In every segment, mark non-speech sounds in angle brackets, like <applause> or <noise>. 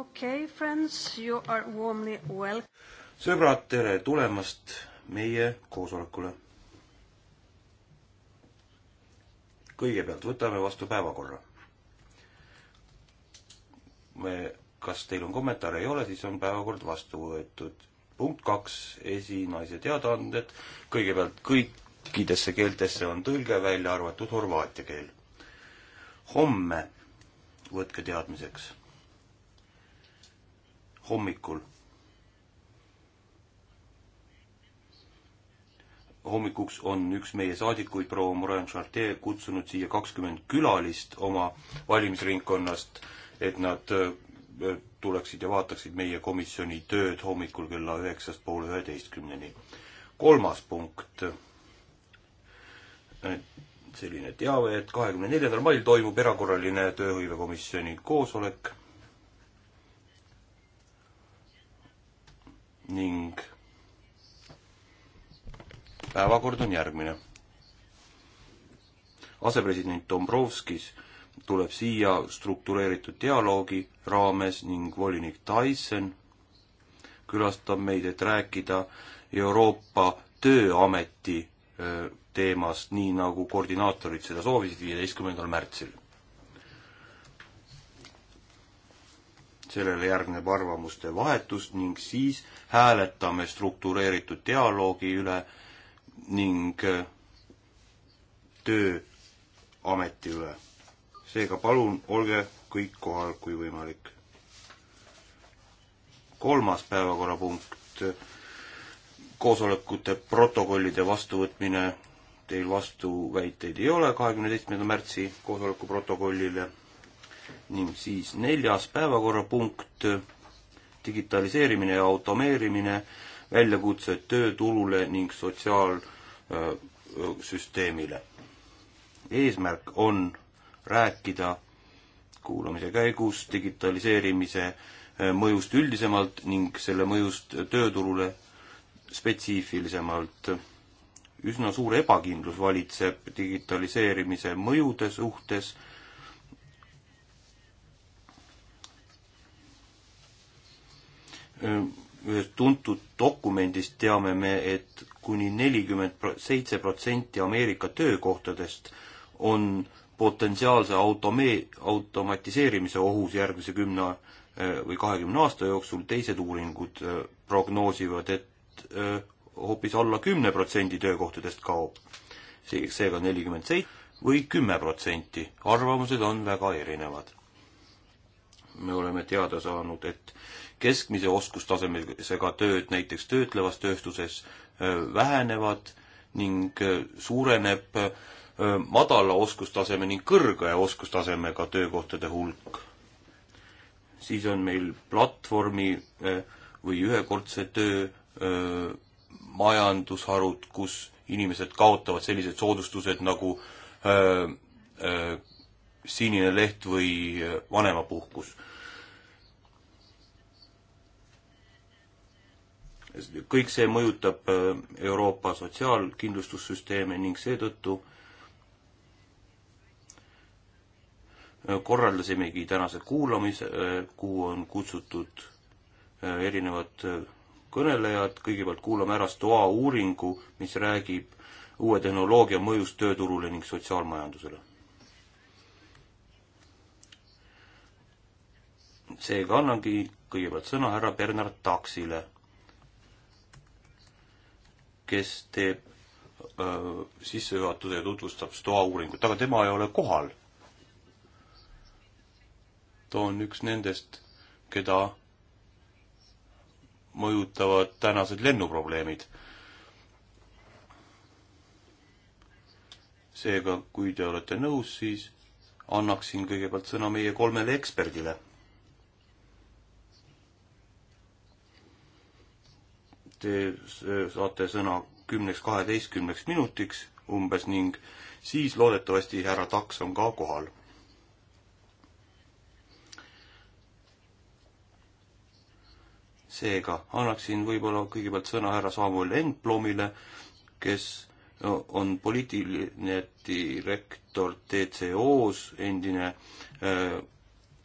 okei okay,, friends, you are warmly welcome. sõbrad, tere tulemast meie koosolekule. kõigepealt võtame vastu päevakorra. me, kas teil on kommentaare, ei ole, siis on päevakord vastu võetud. punkt kaks, esinaise teadaanded. kõigepealt kõikidesse keeltesse on tõlge, välja arvatud horvaatia keel. homme võtke teadmiseks hommikul. hommikuks on üks meie saadikuid, proua Morin Chartier, kutsunud siia kakskümmend külalist oma valimisringkonnast, et nad äh, tuleksid ja vaataksid meie komisjoni tööd hommikul kella üheksast poole üheteistkümneni. kolmas punkt selline teave, et kahekümne neljandal mail toimub erakorraline tööhõivekomisjoni koosolek. ning päevakord on järgmine. asepresident Dombrovskis tuleb siia struktureeritud dialoogi raames ning volinik Tyson külastab meid, et rääkida Euroopa Tööameti teemast, nii nagu koordinaatorid seda soovisid viieteistkümnendal märtsil sellele järgneb arvamuste vahetus ning siis hääletame struktureeritud dialoogi üle ning äh, tööameti üle. seega palun, olge kõik kohal, kui võimalik. kolmas päevakorrapunkt, äh, koosolekute protokollide vastuvõtmine. Teil vastuväiteid ei ole kahekümne seitsmenda märtsi koosoleku protokollile ning siis neljas päevakorrapunkt, digitaliseerimine ja automeerimine, väljakutsed tööturule ning sotsiaalsüsteemile. eesmärk on rääkida kuulamise käigus digitaliseerimise mõjust üldisemalt ning selle mõjust tööturule spetsiifilisemalt. üsna suur ebakindlus valitseb digitaliseerimise mõjude suhtes ühest tuntud dokumendist teame me, et kuni nelikümmend seitse protsenti Ameerika töökohtadest on potentsiaalse autome-, automatiseerimise ohus järgmise kümne äh, või kahekümne aasta jooksul, teised uuringud äh, prognoosivad, et äh, hoopis alla kümne protsendi töökohtadest kaob. seega nelikümmend seitse või kümme protsenti, arvamused on väga erinevad. me oleme teada saanud, et keskmise oskustasemega tööd näiteks töötlevas tööstuses äh, vähenevad ning äh, suureneb äh, madala oskustaseme ning kõrge oskustasemega töökohtade hulk. siis on meil platvormi või ühekordse töö majandusharud, kus inimesed kaotavad sellised soodustused nagu öö, öö, sinine leht või vanemapuhkus kõik see mõjutab äh, Euroopa sotsiaalkindlustussüsteeme ning seetõttu äh, korraldasimegi tänase kuulamise, äh, kuhu on kutsutud erinevad kõnelejad, kõigepealt kuulame ära STOA uuringu, mis räägib uue tehnoloogia mõjust tööturule ning sotsiaalmajandusele. seega annangi kõigepealt sõna härra Bernard Taksile kes teeb öö, sissejuhatuse ja tutvustab STOA uuringut, aga tema ei ole kohal. ta on üks nendest, keda mõjutavad tänased lennuprobleemid. seega, kui te olete nõus, siis annaksin kõigepealt sõna meie kolmele eksperdile te saate sõna kümneks, kaheteistkümneks minutiks umbes ning siis loodetavasti härra Taks on ka kohal. seega annaksin võib-olla kõigepealt sõna härra Samuel Enblomile, kes on poliitiline direktor TCO-s, endine äh,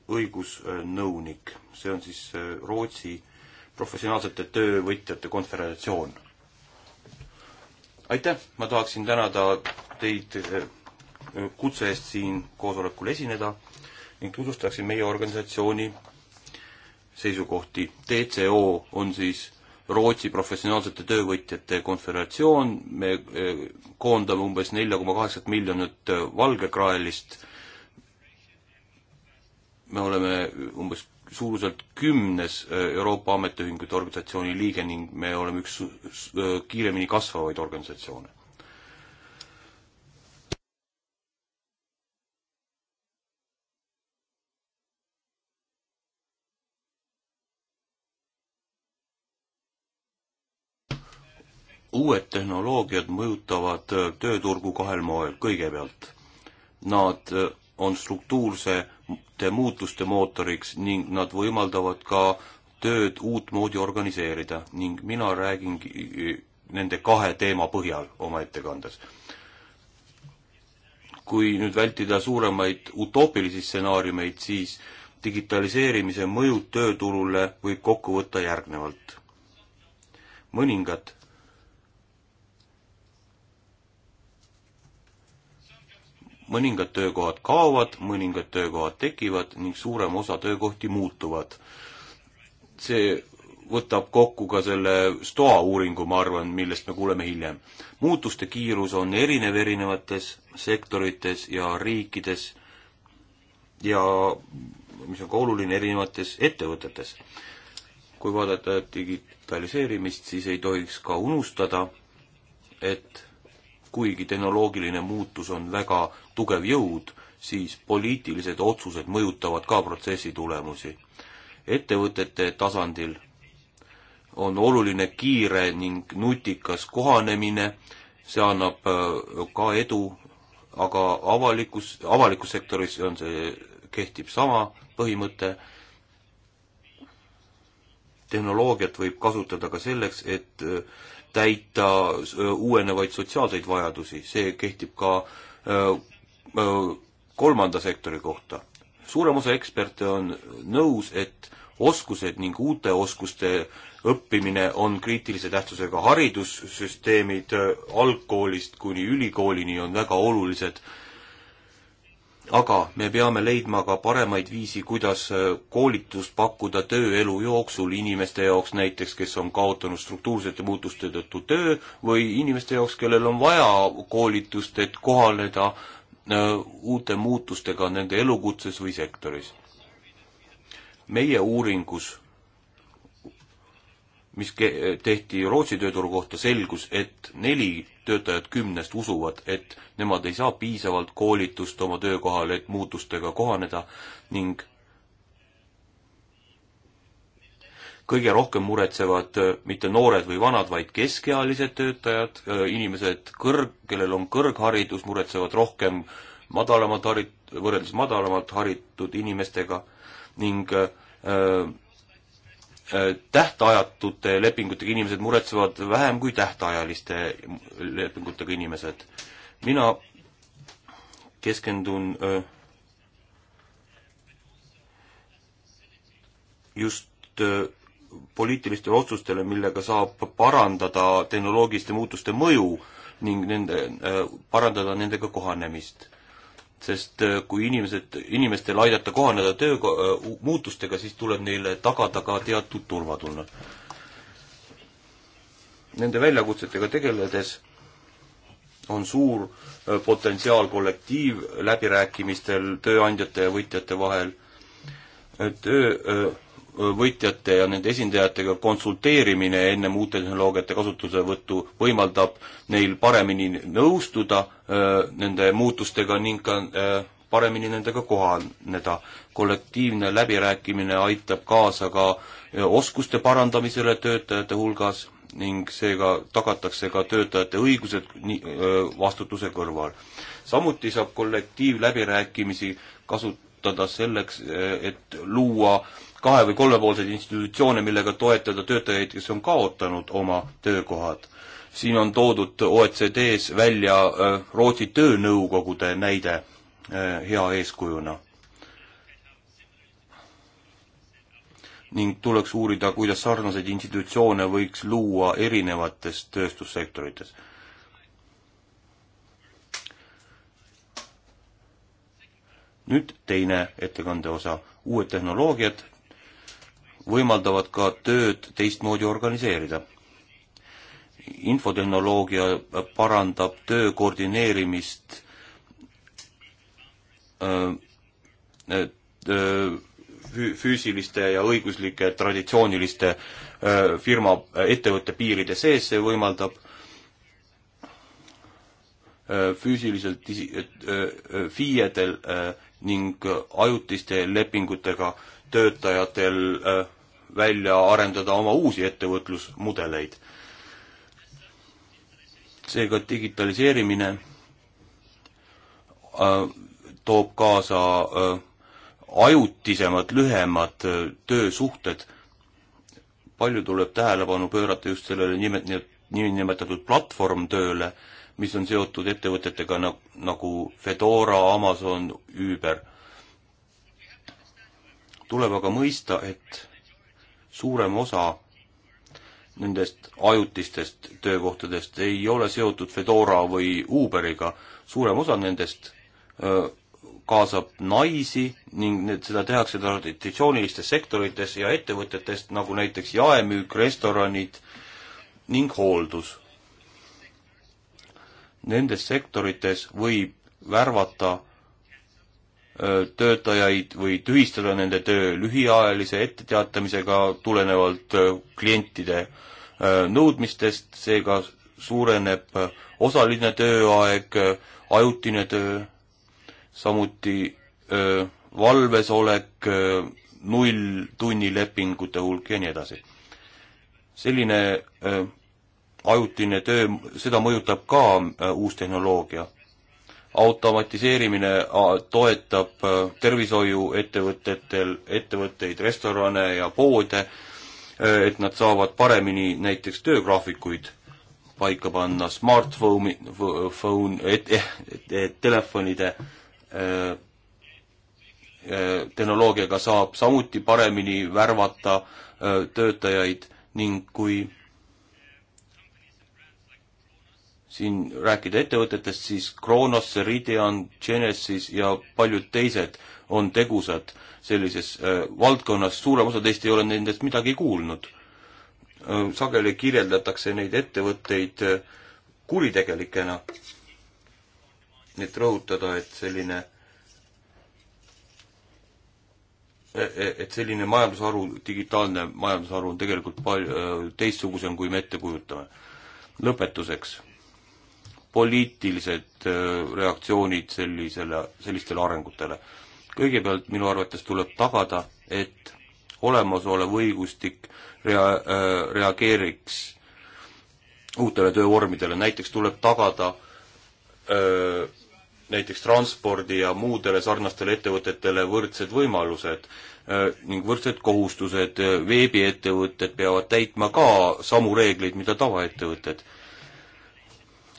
õigusnõunik, see on siis äh, Rootsi äh, professionaalsete töövõtjate konföderatsioon. aitäh, ma tahaksin tänada teid eh, kutse eest siin koosolekul esineda ning tutvustaksin meie organisatsiooni seisukohti. DCO on siis Rootsi professionaalsete töövõtjate konföderatsioon, me eh, koondame umbes nelja koma kaheksat miljonit eh, valgekraelist, me oleme umbes suuruselt kümnes äh, Euroopa Ametiühingute Organisatsiooni liige ning me oleme üks äh, kiiremini kasvavaid organisatsioone. uued tehnoloogiad mõjutavad äh, tööturgu kahel moel, kõigepealt nad on struktuursete muutuste mootoriks ning nad võimaldavad ka tööd uutmoodi organiseerida ning mina räägin nende kahe teema põhjal oma ettekandes. kui nüüd vältida suuremaid utoopilisi stsenaariumeid, siis digitaliseerimise mõjud tööturule võib kokku võtta järgnevalt. mõningad mõningad töökohad kaovad, mõningad töökohad tekivad ning suurem osa töökohti muutuvad. see võtab kokku ka selle STOA uuringu, ma arvan, millest me kuuleme hiljem. muutuste kiirus on erinev erinevates sektorites ja riikides ja mis on ka oluline, erinevates ettevõtetes. kui vaadata digitaliseerimist, siis ei tohiks ka unustada, et kuigi tehnoloogiline muutus on väga tugev jõud, siis poliitilised otsused mõjutavad ka protsessi tulemusi. ettevõtete tasandil on oluline kiire ning nutikas kohanemine, see annab äh, ka edu, aga avalikus, avalikus sektoris on see, kehtib sama põhimõte tehnoloogiat võib kasutada ka selleks, et äh, täita äh, uuenevaid sotsiaalseid vajadusi, see kehtib ka äh, kolmanda sektori kohta. suurem osa eksperte on nõus, et oskused ning uute oskuste õppimine on kriitilise tähtsusega haridussüsteemid algkoolist kuni ülikoolini on väga olulised aga me peame leidma ka paremaid viisi, kuidas äh, koolitust pakkuda tööelu jooksul inimeste jaoks näiteks, kes on kaotanud struktuursete muutuste tõttu töö või inimeste jaoks, kellel on vaja koolitust, et kohaneda äh, uute muutustega nende elukutses või sektoris. meie uuringus mis tehti Rootsi tööturu kohta, selgus, et neli töötajat kümnest usuvad, et nemad ei saa piisavalt koolitust oma töökohal, et muutustega kohaneda ning kõige rohkem muretsevad äh, mitte noored või vanad, vaid keskealised töötajad, äh, inimesed kõrg, kellel on kõrgharidus, muretsevad rohkem madalamalt harit-, võrreldes madalamalt haritud inimestega ning öö, äh, Äh, tähtajatute lepingutega inimesed muretsevad vähem kui tähtajaliste lepingutega inimesed. mina keskendun äh, just äh, poliitilistele otsustele, millega saab parandada tehnoloogiliste muutuste mõju ning nende, parandada nendega kohanemist sest äh, kui inimesed, inimestel aidata kohaneda töö äh, muutustega, siis tuleb neile tagada ka teatud turvatunne. Nende väljakutsetega tegeledes on suur äh, potentsiaal kollektiivläbirääkimistel tööandjate ja võitjate vahel. töö võitjate ja nende esindajatega konsulteerimine ennem uute tehnoloogiate kasutuselevõttu võimaldab neil paremini nõustuda äh, nende muutustega ning ka äh, paremini nendega kohaneda. kollektiivne läbirääkimine aitab kaasa ka äh, oskuste parandamisele töötajate hulgas ning seega tagatakse ka töötajate õigused nii, vastutuse kõrval. samuti saab kollektiivläbirääkimisi kasutada selleks, et luua kahe- või kolmepoolseid institutsioone, millega toetada töötajaid, kes on kaotanud oma töökohad. siin on toodud OECD-s välja äh, Rootsi töönõukogude näide äh, hea eeskujuna. ning tuleks uurida, kuidas sarnaseid institutsioone võiks luua erinevates tööstussektorites nüüd teine ettekande osa, uued tehnoloogiad võimaldavad ka tööd teistmoodi organiseerida. infotehnoloogia parandab töö koordineerimist äh, äh, äh, füüsiliste ja õiguslike traditsiooniliste firma, ettevõtte piiride sees, see võimaldab füüsiliselt FIE-del ning ajutiste lepingutega töötajatel äh, välja arendada oma uusi ettevõtlusmudeleid. seega digitaliseerimine äh, toob kaasa äh, ajutisemad, lühemad töösuhted. palju tuleb tähelepanu pöörata just sellele nimet-, niinimetatud platvormtööle, mis on seotud ettevõtetega nagu Fedora, Amazon, Uber tuleb aga mõista, et suurem osa nendest ajutistest töökohtadest ei ole seotud Fedora või Uberiga, suurem osa nendest öö, kaasab naisi ning need, seda tehakse traditsioonilistes sektorites ja ettevõtetes, nagu näiteks jaemüük, restoranid ning hooldus. Nendes sektorites võib värvata töötajaid või tühistada nende töö lühiajalise etteteatamisega tulenevalt klientide nõudmistest, seega suureneb osaline tööaeg, ajutine töö, samuti valves olek, nulltunnilepingute hulk ja nii edasi. selline ajutine töö, seda mõjutab ka uus tehnoloogia automatiseerimine äh, toetab äh, tervishoiuettevõtetel, ettevõtteid, restorane ja poode, äh, et nad saavad paremini näiteks töögraafikuid paika panna, smartphone'i, phone, et, eh, et, et telefonide tehnoloogiaga saab samuti paremini värvata töötajaid ning kui siin rääkida ettevõtetest, siis Kronos, Ceridian, Genesis ja paljud teised on tegusad sellises äh, valdkonnas, suurem osa teist ei ole nendest midagi kuulnud äh,. sageli kirjeldatakse neid ettevõtteid äh, kuritegelikena. et rõhutada, et selline e-, e-, et selline majandusharu, digitaalne majandusharu on tegelikult palju äh, teistsugusem, kui me ette kujutame. lõpetuseks poliitilised äh, reaktsioonid sellisele, sellistele arengutele. kõigepealt minu arvates tuleb tagada, et olemasolev õigustik rea-, äh, reageeriks uutele töövormidele, näiteks tuleb tagada öö, äh, näiteks transpordi ja muudele sarnastele ettevõtetele võrdsed võimalused ning võrdsed kohustused, veebiettevõtted peavad täitma ka samu reegleid, mida tavaettevõtted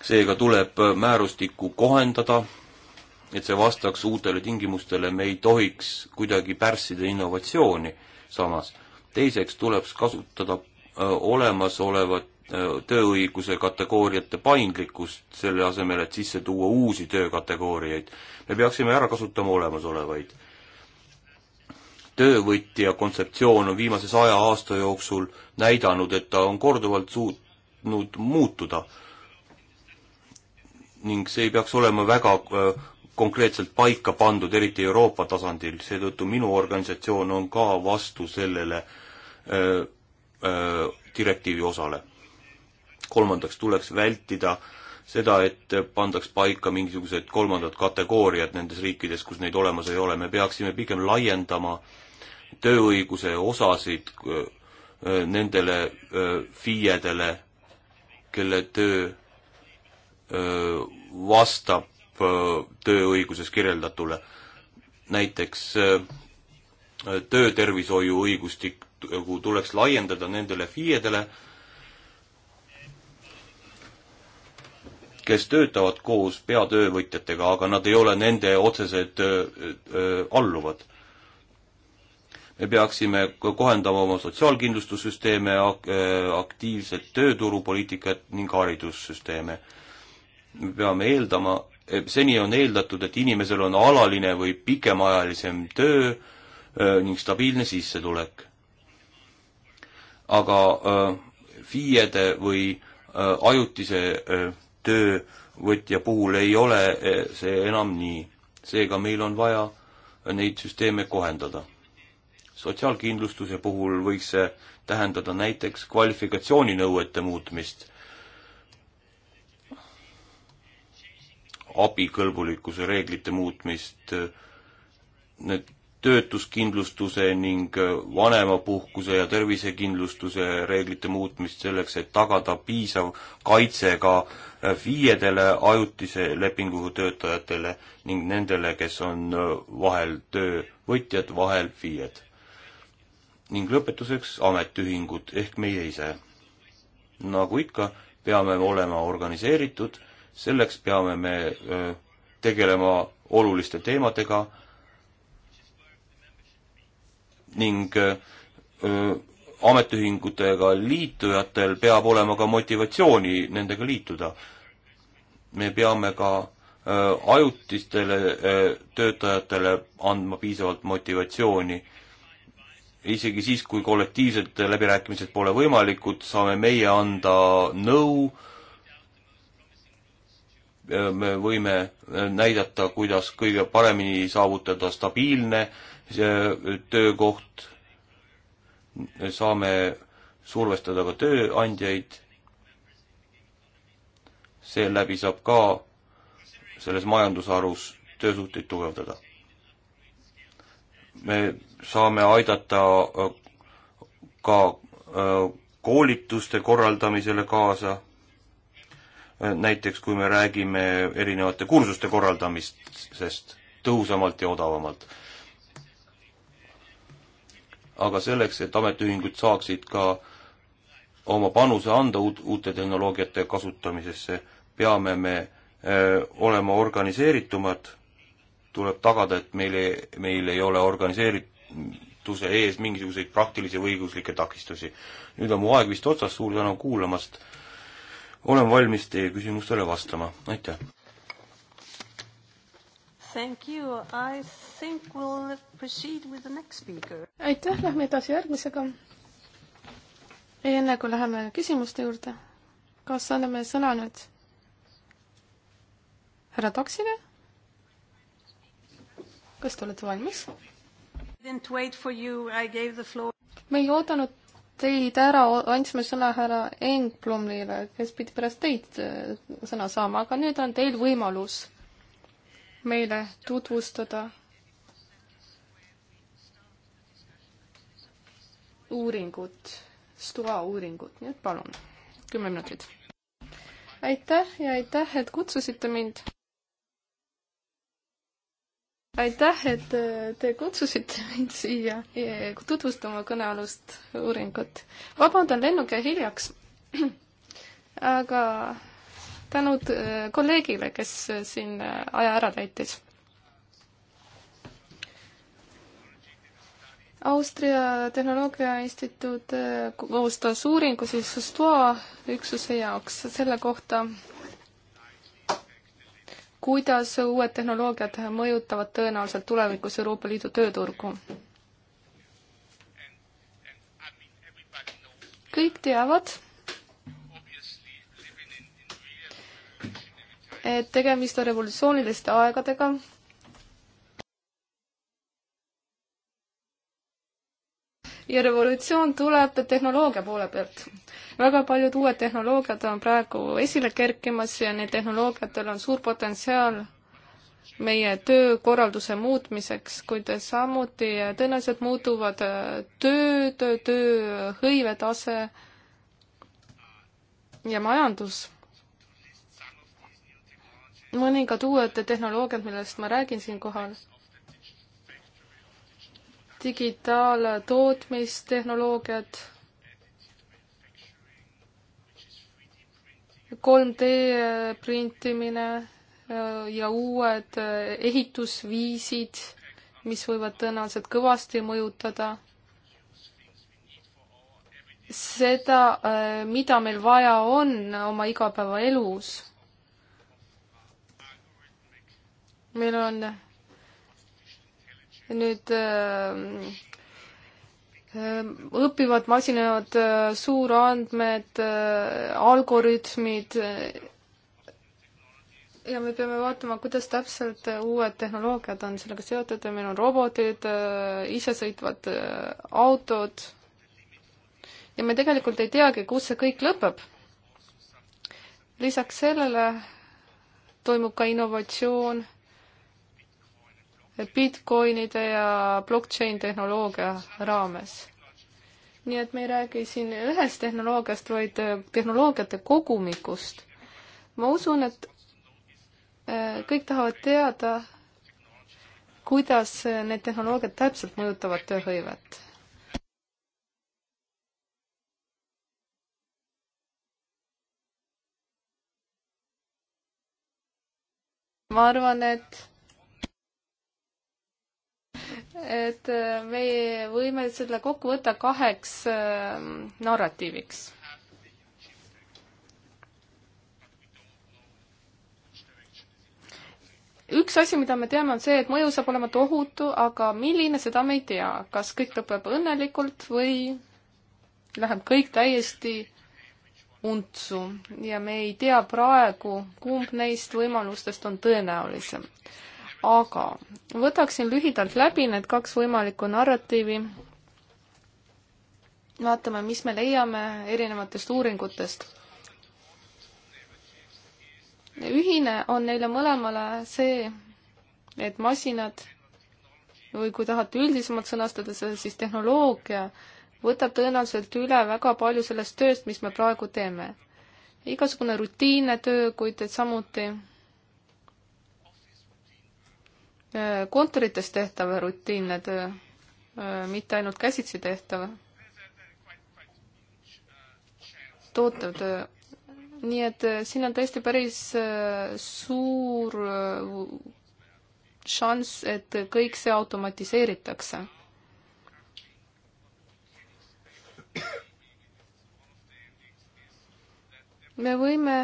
seega tuleb määrustikku kohendada, et see vastaks uutele tingimustele, me ei tohiks kuidagi pärssida innovatsiooni samas. teiseks tuleks kasutada äh, olemasolevat äh, tööõiguse kategooriate paindlikkust, selle asemel, et sisse tuua uusi töökategooriaid. me peaksime ära kasutama olemasolevaid. töövõtja kontseptsioon on viimase saja aasta jooksul näidanud, et ta on korduvalt suutnud muutuda ning see ei peaks olema väga äh, konkreetselt paika pandud, eriti Euroopa tasandil, seetõttu minu organisatsioon on ka vastu sellele öö, äh, öö, äh, direktiivi osale. kolmandaks tuleks vältida seda, et pandaks paika mingisugused kolmandad kategooriad nendes riikides, kus neid olemas ei ole, me peaksime pigem laiendama tööõiguse osasid öö, nendele FIE-dele, kelle töö vastab tööõiguses kirjeldatule. näiteks töötervishoiu õigustik nagu tuleks laiendada nendele FIE-dele, kes töötavad koos peatöövõtjatega, aga nad ei ole nende otsesed alluvad. me peaksime kohendama oma sotsiaalkindlustussüsteeme, aktiivset tööturupoliitikat ning haridussüsteeme me peame eeldama, seni on eeldatud, et inimesel on alaline või pikemaajalisem töö äh, ning stabiilne sissetulek. aga äh, FIE-de või äh, ajutise töövõtja puhul ei ole see enam nii. seega meil on vaja neid süsteeme kohendada. sotsiaalkindlustuse puhul võiks see tähendada näiteks kvalifikatsiooninõuete muutmist abikõlbulikkuse reeglite muutmist, need töötuskindlustuse ning vanemapuhkuse ja tervisekindlustuse reeglite muutmist selleks, et tagada piisav kaitse ka FIE-dele, ajutise lepinguga töötajatele ning nendele, kes on vahel töövõtjad, vahel FIE-d. ning lõpetuseks ametiühingud ehk meie ise. nagu ikka, peame olema organiseeritud selleks peame me tegelema oluliste teemadega ning ametiühingutega liitujatel peab olema ka motivatsiooni nendega liituda. me peame ka ajutistele töötajatele andma piisavalt motivatsiooni. isegi siis, kui kollektiivsed läbirääkimised pole võimalikud, saame meie anda nõu no, Äh, me võime äh, näidata, kuidas kõige paremini saavutada stabiilne äh, töökoht, saame survestada ka tööandjaid, seeläbi saab ka selles majandusharus töösuhteid tugevdada. me saame aidata ka koolituste korraldamisele kaasa näiteks kui me räägime erinevate kursuste korraldamisest tõhusamalt ja odavamalt. aga selleks, et ametiühingud saaksid ka oma panuse anda uut, uute tehnoloogiate kasutamisesse, peame me öö, olema organiseeritumad, tuleb tagada, et meil ei, meil ei ole organiseerituse ees mingisuguseid praktilisi või õiguslikke takistusi. nüüd on mu aeg vist otsas, suur tänu kuulamast olen valmis teie küsimustele vastama, aitäh. We'll aitäh, lähme edasi järgmisega. enne kui läheme küsimuste juurde, kas anname sõna nüüd härra Taksile? kas te olete valmis? me ei oodanud teid ära, andsime sõna härra Engblomile, kes pidi pärast teid äh, sõna saama, aga nüüd on teil võimalus meile tutvustada uuringut, STOA uuringut, nii et palun, kümme minutit. aitäh ja aitäh, et kutsusite mind aitäh, et äh, te kutsusite <laughs> mind siia äh, tutvustama kõnealust uuringut. vabandan lennuki hiljaks, <clears throat> aga tänud äh, kolleegile, kes siin aja ära täitis. Austria Tehnoloogia Instituut koostas uuringu siis STOA üksuse jaoks selle kohta, kuidas uued tehnoloogiad mõjutavad tõenäoliselt tulevikus Euroopa Liidu tööturgu. kõik teavad, et tegemist on revolutsiooniliste aegadega, ja revolutsioon tuleb tehnoloogia poole pealt väga paljud uued tehnoloogiad on praegu esile kerkimas ja neil tehnoloogiatel on suur potentsiaal meie töökorralduse muutmiseks, kuid samuti tõenäoliselt muutuvad tööd, tööhõive tase ja majandus. mõningad uued tehnoloogiad, millest ma räägin siinkohal, digitaaltootmistehnoloogiad 3D äh, printimine äh, ja uued äh, ehitusviisid, mis võivad tõenäoliselt kõvasti mõjutada seda, mida meil vaja on oma igapäevaelus. meil on nüüd Ehm, õpivad masinad, äh, suurandmed, äh, algoritmid äh, ja me peame vaatama, kuidas täpselt uued tehnoloogiad on sellega seotud ja meil on robotid, isesõitvad autod. ja me tegelikult ei teagi, kus see kõik lõpeb. lisaks sellele toimub ka innovatsioon Bitcoinide ja blockchain tehnoloogia raames. nii et me ei räägi siin ühest tehnoloogiast, vaid äh, tehnoloogiate kogumikust. ma usun, et äh, kõik tahavad teada, kuidas äh, need tehnoloogiad täpselt mõjutavad tööhõivet. ma arvan, et et äh, me võime seda kokku võtta kaheks ähm, narratiiviks. üks asi, mida me teame, on see, et mõju saab olema tohutu, aga milline, seda me ei tea, kas kõik lõpeb õnnelikult või läheb kõik täiesti untsu ja me ei tea praegu, kumb neist võimalustest on tõenäolisem aga võtaksin lühidalt läbi need kaks võimalikku narratiivi. vaatame, mis me leiame erinevatest uuringutest. ühine on neile mõlemale see, et masinad või kui tahate üldisemalt sõnastada seda, siis tehnoloogia võtab tõenäoliselt üle väga palju sellest tööst, mis me praegu teeme. igasugune rutiinne töö, kuid samuti kontorites tehtav rutiinne töö, äh, mitte ainult käsitsi tehtav tootev töö. Äh, nii et äh, siin on tõesti päris suur šanss, et kõik see automatiseeritakse. me võime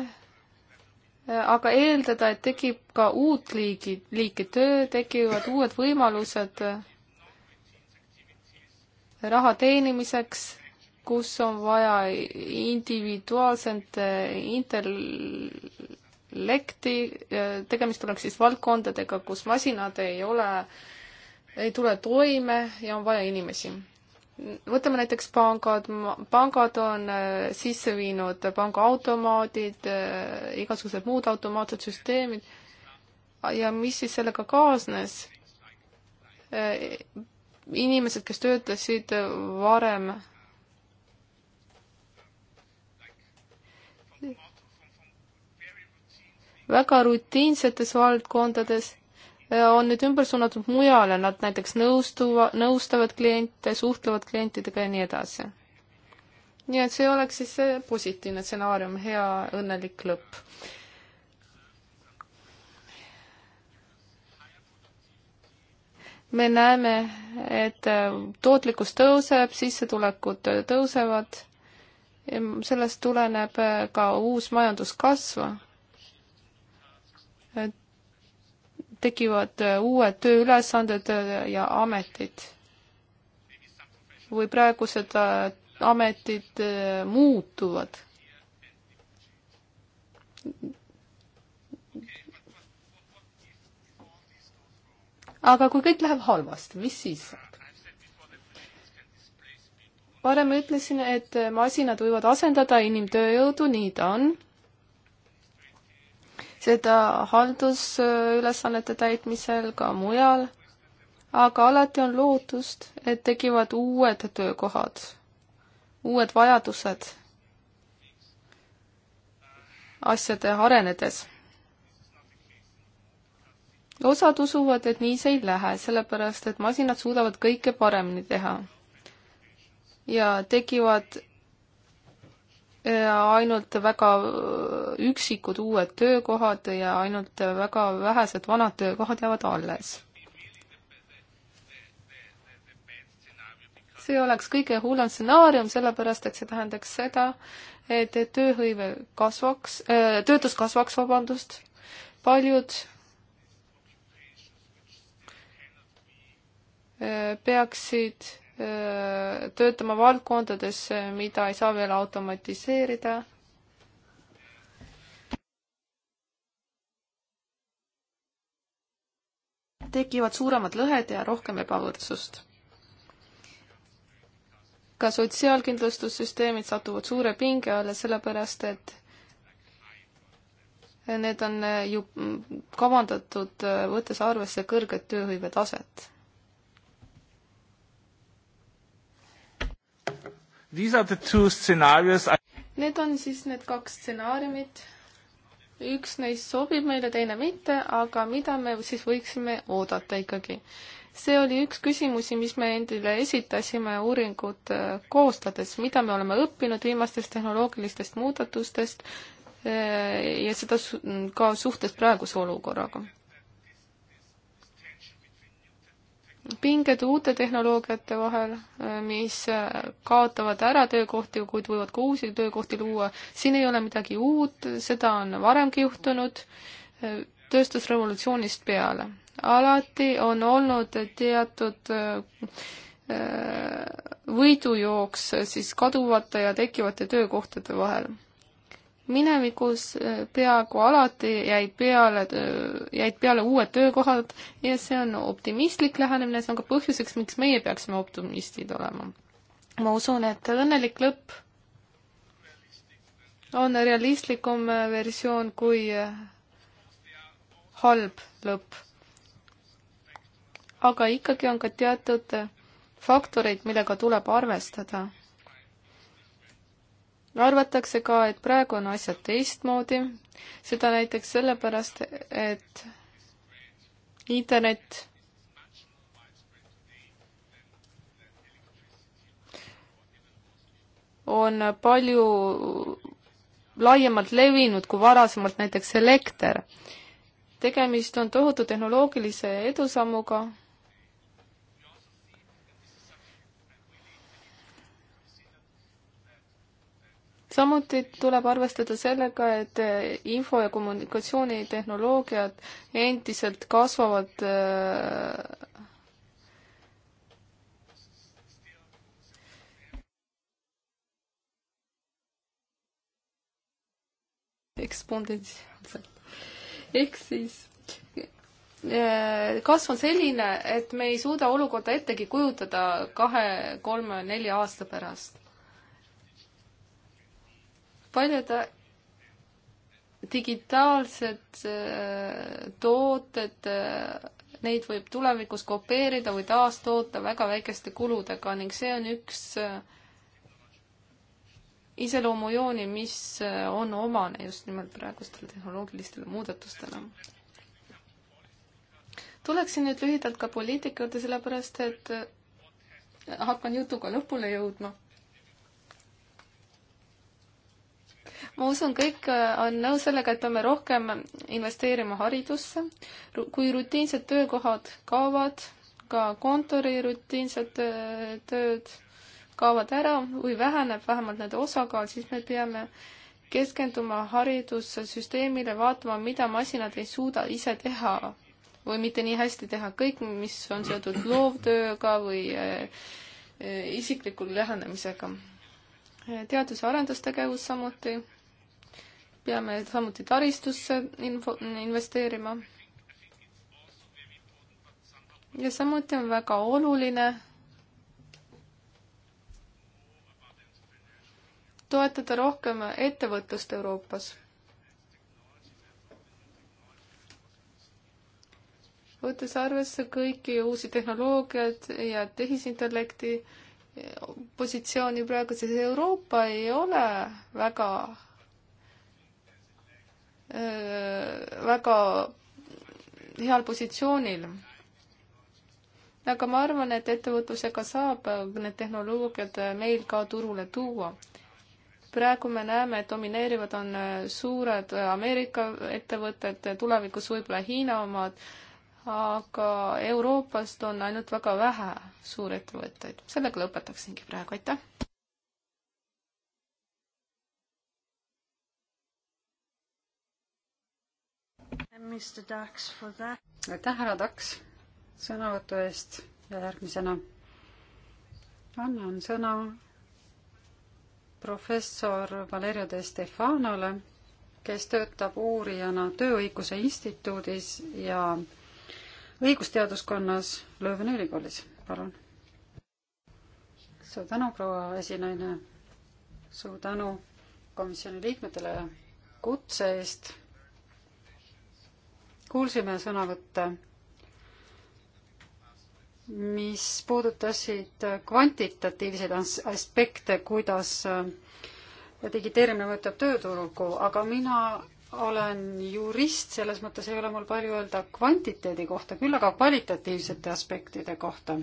aga eeldada, et tekib ka uut liigi, liiki töö, tekivad uued võimalused raha teenimiseks, kus on vaja individuaalset intellekti, tegemist oleks siis valdkondadega, kus masinad ei ole, ei tule toime ja on vaja inimesi võtame näiteks pangad, pangad on äh, sisse viinud pangaautomaadid, äh, igasugused muud automaatsed süsteemid ja mis siis sellega kaasnes? Äh, inimesed, kes töötasid varem väga rutiinsetes valdkondades Äh, on nüüd ümber suunatud mujale, nad näiteks nõustuva, nõustavad kliente, suhtlevad klientidega ja nii edasi. nii et see oleks siis see positiivne stsenaarium, hea õnnelik lõpp. me näeme, et äh, tootlikkus tõuseb, sissetulekud tõusevad, sellest tuleneb äh, ka uus majanduskasv tekivad äh, uued tööülesanded äh, ja ametid. või praegused äh, ametid muutuvad. aga kui kõik läheb halvasti, mis siis saab? varem ütlesin, et masinad võivad asendada inimtööjõudu, nii ta on seda haldusülesannete täitmisel ka mujal, aga alati on lootust, et tekivad uued töökohad, uued vajadused asjade arenedes. osad usuvad, et nii see ei lähe, sellepärast et masinad suudavad kõike paremini teha. ja tekivad Äh, ainult väga äh, üksikud uued töökohad ja ainult äh, väga vähesed vanad töökohad jäävad alles. see oleks kõige hullem stsenaarium, sellepärast et see tähendaks seda, et tööhõive kasvaks, töötus kasvaks, vabandust, paljud peaksid töötama valdkondades, mida ei saa veel automatiseerida. tekivad suuremad lõhed ja rohkem ebavõrdsust. ka sotsiaalkindlustussüsteemid satuvad suure pinge alla, sellepärast et need on ju kavandatud, võttes arvesse kõrget tööhõive taset Need on siis need kaks stsenaariumit. üks neist sobib meile, teine mitte, aga mida me siis võiksime oodata ikkagi? see oli üks küsimusi, mis me endile esitasime uuringut äh, koostades, mida me oleme õppinud viimastest tehnoloogilistest muudatustest äh, ja seda ka suhtes praeguse olukorraga pinged uute tehnoloogiate vahel, mis kaotavad ära töökohti, kuid võivad ka uusi töökohti luua, siin ei ole midagi uut, seda on varemgi juhtunud eh, tööstusrevolutsioonist peale. alati on olnud teatud eh, võidujooks siis kaduvate ja tekkivate töökohtade vahel minevikus äh, peaaegu alati jäid peale, äh, jäid peale uued töökohad ja see on optimistlik lähenemine, see on ka põhjuseks, miks meie peaksime optimistid olema. ma usun, et õnnelik lõpp on realistlikum äh, versioon kui halb lõpp. aga ikkagi on ka teatud faktoreid, millega tuleb arvestada arvatakse ka, et praegu on asjad teistmoodi, seda näiteks sellepärast, et internet on palju laiemalt levinud kui varasemalt näiteks elekter. tegemist on tohutu tehnoloogilise edusammuga samuti tuleb arvestada sellega, et info- ja kommunikatsioonitehnoloogiad endiselt kasvavad äh, eksponentsiaalselt. ehk siis äh, kasv on selline, et me ei suuda olukorda ettegi kujutada kahe, kolme, nelja aasta pärast paljud digitaalsed äh, tooted, äh, neid võib tulevikus kopeerida või taastoota väga väikeste kuludega ning see on üks äh, iseloomujooni, mis on omane just nimelt praegustele tehnoloogilistele muudatustele. tuleksin nüüd lühidalt ka poliitikate, sellepärast et hakkan jutuga lõpule jõudma ma usun, kõik äh, on nõus sellega, et peame rohkem investeerima haridusse. kui rutiinsed töökohad kaovad, ka kontori rutiinsed äh, tööd kaovad ära või väheneb vähemalt nende osakaal, siis me peame keskenduma haridussüsteemile, vaatama, mida masinad ei suuda ise teha või mitte nii hästi teha. kõik, mis on seotud loovtööga või äh, isikliku lähenemisega. teadus- ja arendustegevus samuti peame samuti taristusse info, investeerima. ja samuti on väga oluline toetada rohkem ettevõtlust Euroopas. võttes arvesse kõiki uusi tehnoloogiaid ja tehisintellekti positsiooni praeguses Euroopa ei ole väga Äh, väga heal positsioonil. aga ma arvan, et ettevõtlusega saab need tehnoloogiad meil ka turule tuua. praegu me näeme, et domineerivad on suured Ameerika ettevõtted, tulevikus võib-olla Hiina omad, aga Euroopast on ainult väga vähe suurettevõtteid. sellega lõpetaksingi praegu, aitäh! aitäh, härra Taks, sõnavõtu eest ja järgmisena annan sõna professor Valerio de Stefanole, kes töötab uurijana Tööõiguse Instituudis ja õigusteaduskonnas Lööveni ülikoolis. palun. suur tänu, proua esinaine. suur tänu komisjoni liikmetele kutse eest kuulsime sõnavõtte, mis puudutasid kvantitatiivseid aspekte, kuidas äh, digiteerimine mõjutab tööturgu, aga mina olen jurist, selles mõttes ei ole mul palju öelda kvantiteedi kohta, küll aga kvalitatiivsete aspektide kohta.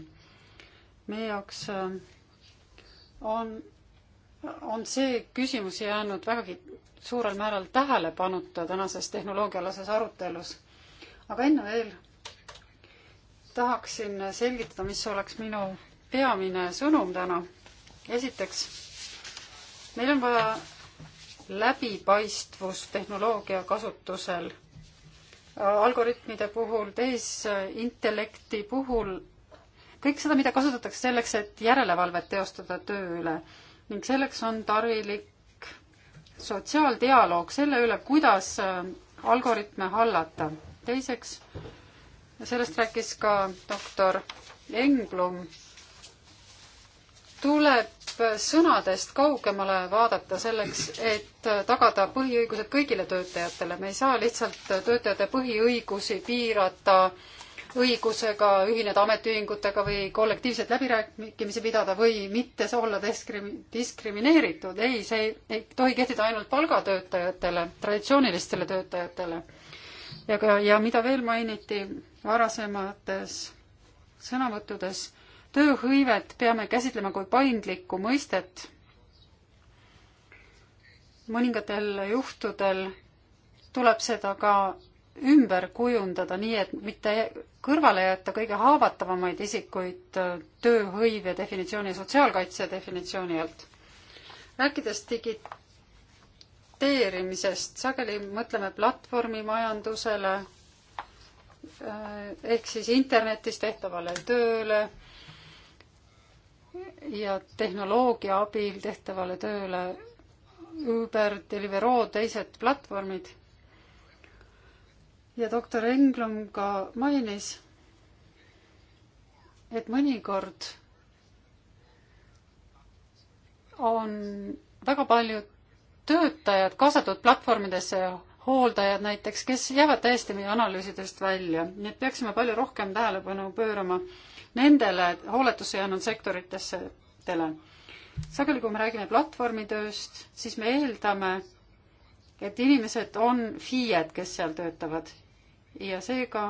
meie jaoks äh, on, on see küsimus jäänud vägagi suurel määral tähelepanuta tänases tehnoloogialases arutelus aga enne veel tahaksin selgitada, mis oleks minu peamine sõnum täna. esiteks, meil on vaja läbipaistvust tehnoloogia kasutusel. algoritmide puhul, tehisintellekti puhul, kõik seda, mida kasutatakse selleks, et järelevalvet teostada töö üle ning selleks on tarvilik sotsiaaldialoog selle üle, kuidas algoritme hallata teiseks, sellest rääkis ka doktor Englum, tuleb sõnadest kaugemale vaadata selleks, et tagada põhiõigused kõigile töötajatele. me ei saa lihtsalt töötajate põhiõigusi piirata õigusega ühineda ametiühingutega või kollektiivseid läbirääkimisi pidada või mitte olla diskrimineeritud. ei, see ei, ei tohi kehtida ainult palgatöötajatele, traditsioonilistele töötajatele ja ka, ja mida veel mainiti varasemates sõnavõttudes, tööhõivet peame käsitlema kui paindlikku mõistet. mõningatel juhtudel tuleb seda ka ümber kujundada, nii et mitte kõrvale jätta kõige haavatavamaid isikuid tööhõive definitsiooni ja sotsiaalkaitse definitsiooni alt. rääkides digit-, investeerimisest, sageli mõtleme platvormimajandusele eh, ehk siis internetis tehtavale tööle ja tehnoloogia abil tehtavale tööle Uber, Deliveroo, teised platvormid. ja doktor Englum ka mainis, et mõnikord on väga paljud töötajad kaasatud platvormidesse, hooldajad näiteks, kes jäävad täiesti meie analüüsidest välja, nii et peaksime palju rohkem tähelepanu pöörama nendele hooletusse jäänud sektoritesse. sageli, kui me räägime platvormitööst, siis me eeldame, et inimesed on FIE-d, kes seal töötavad ja seega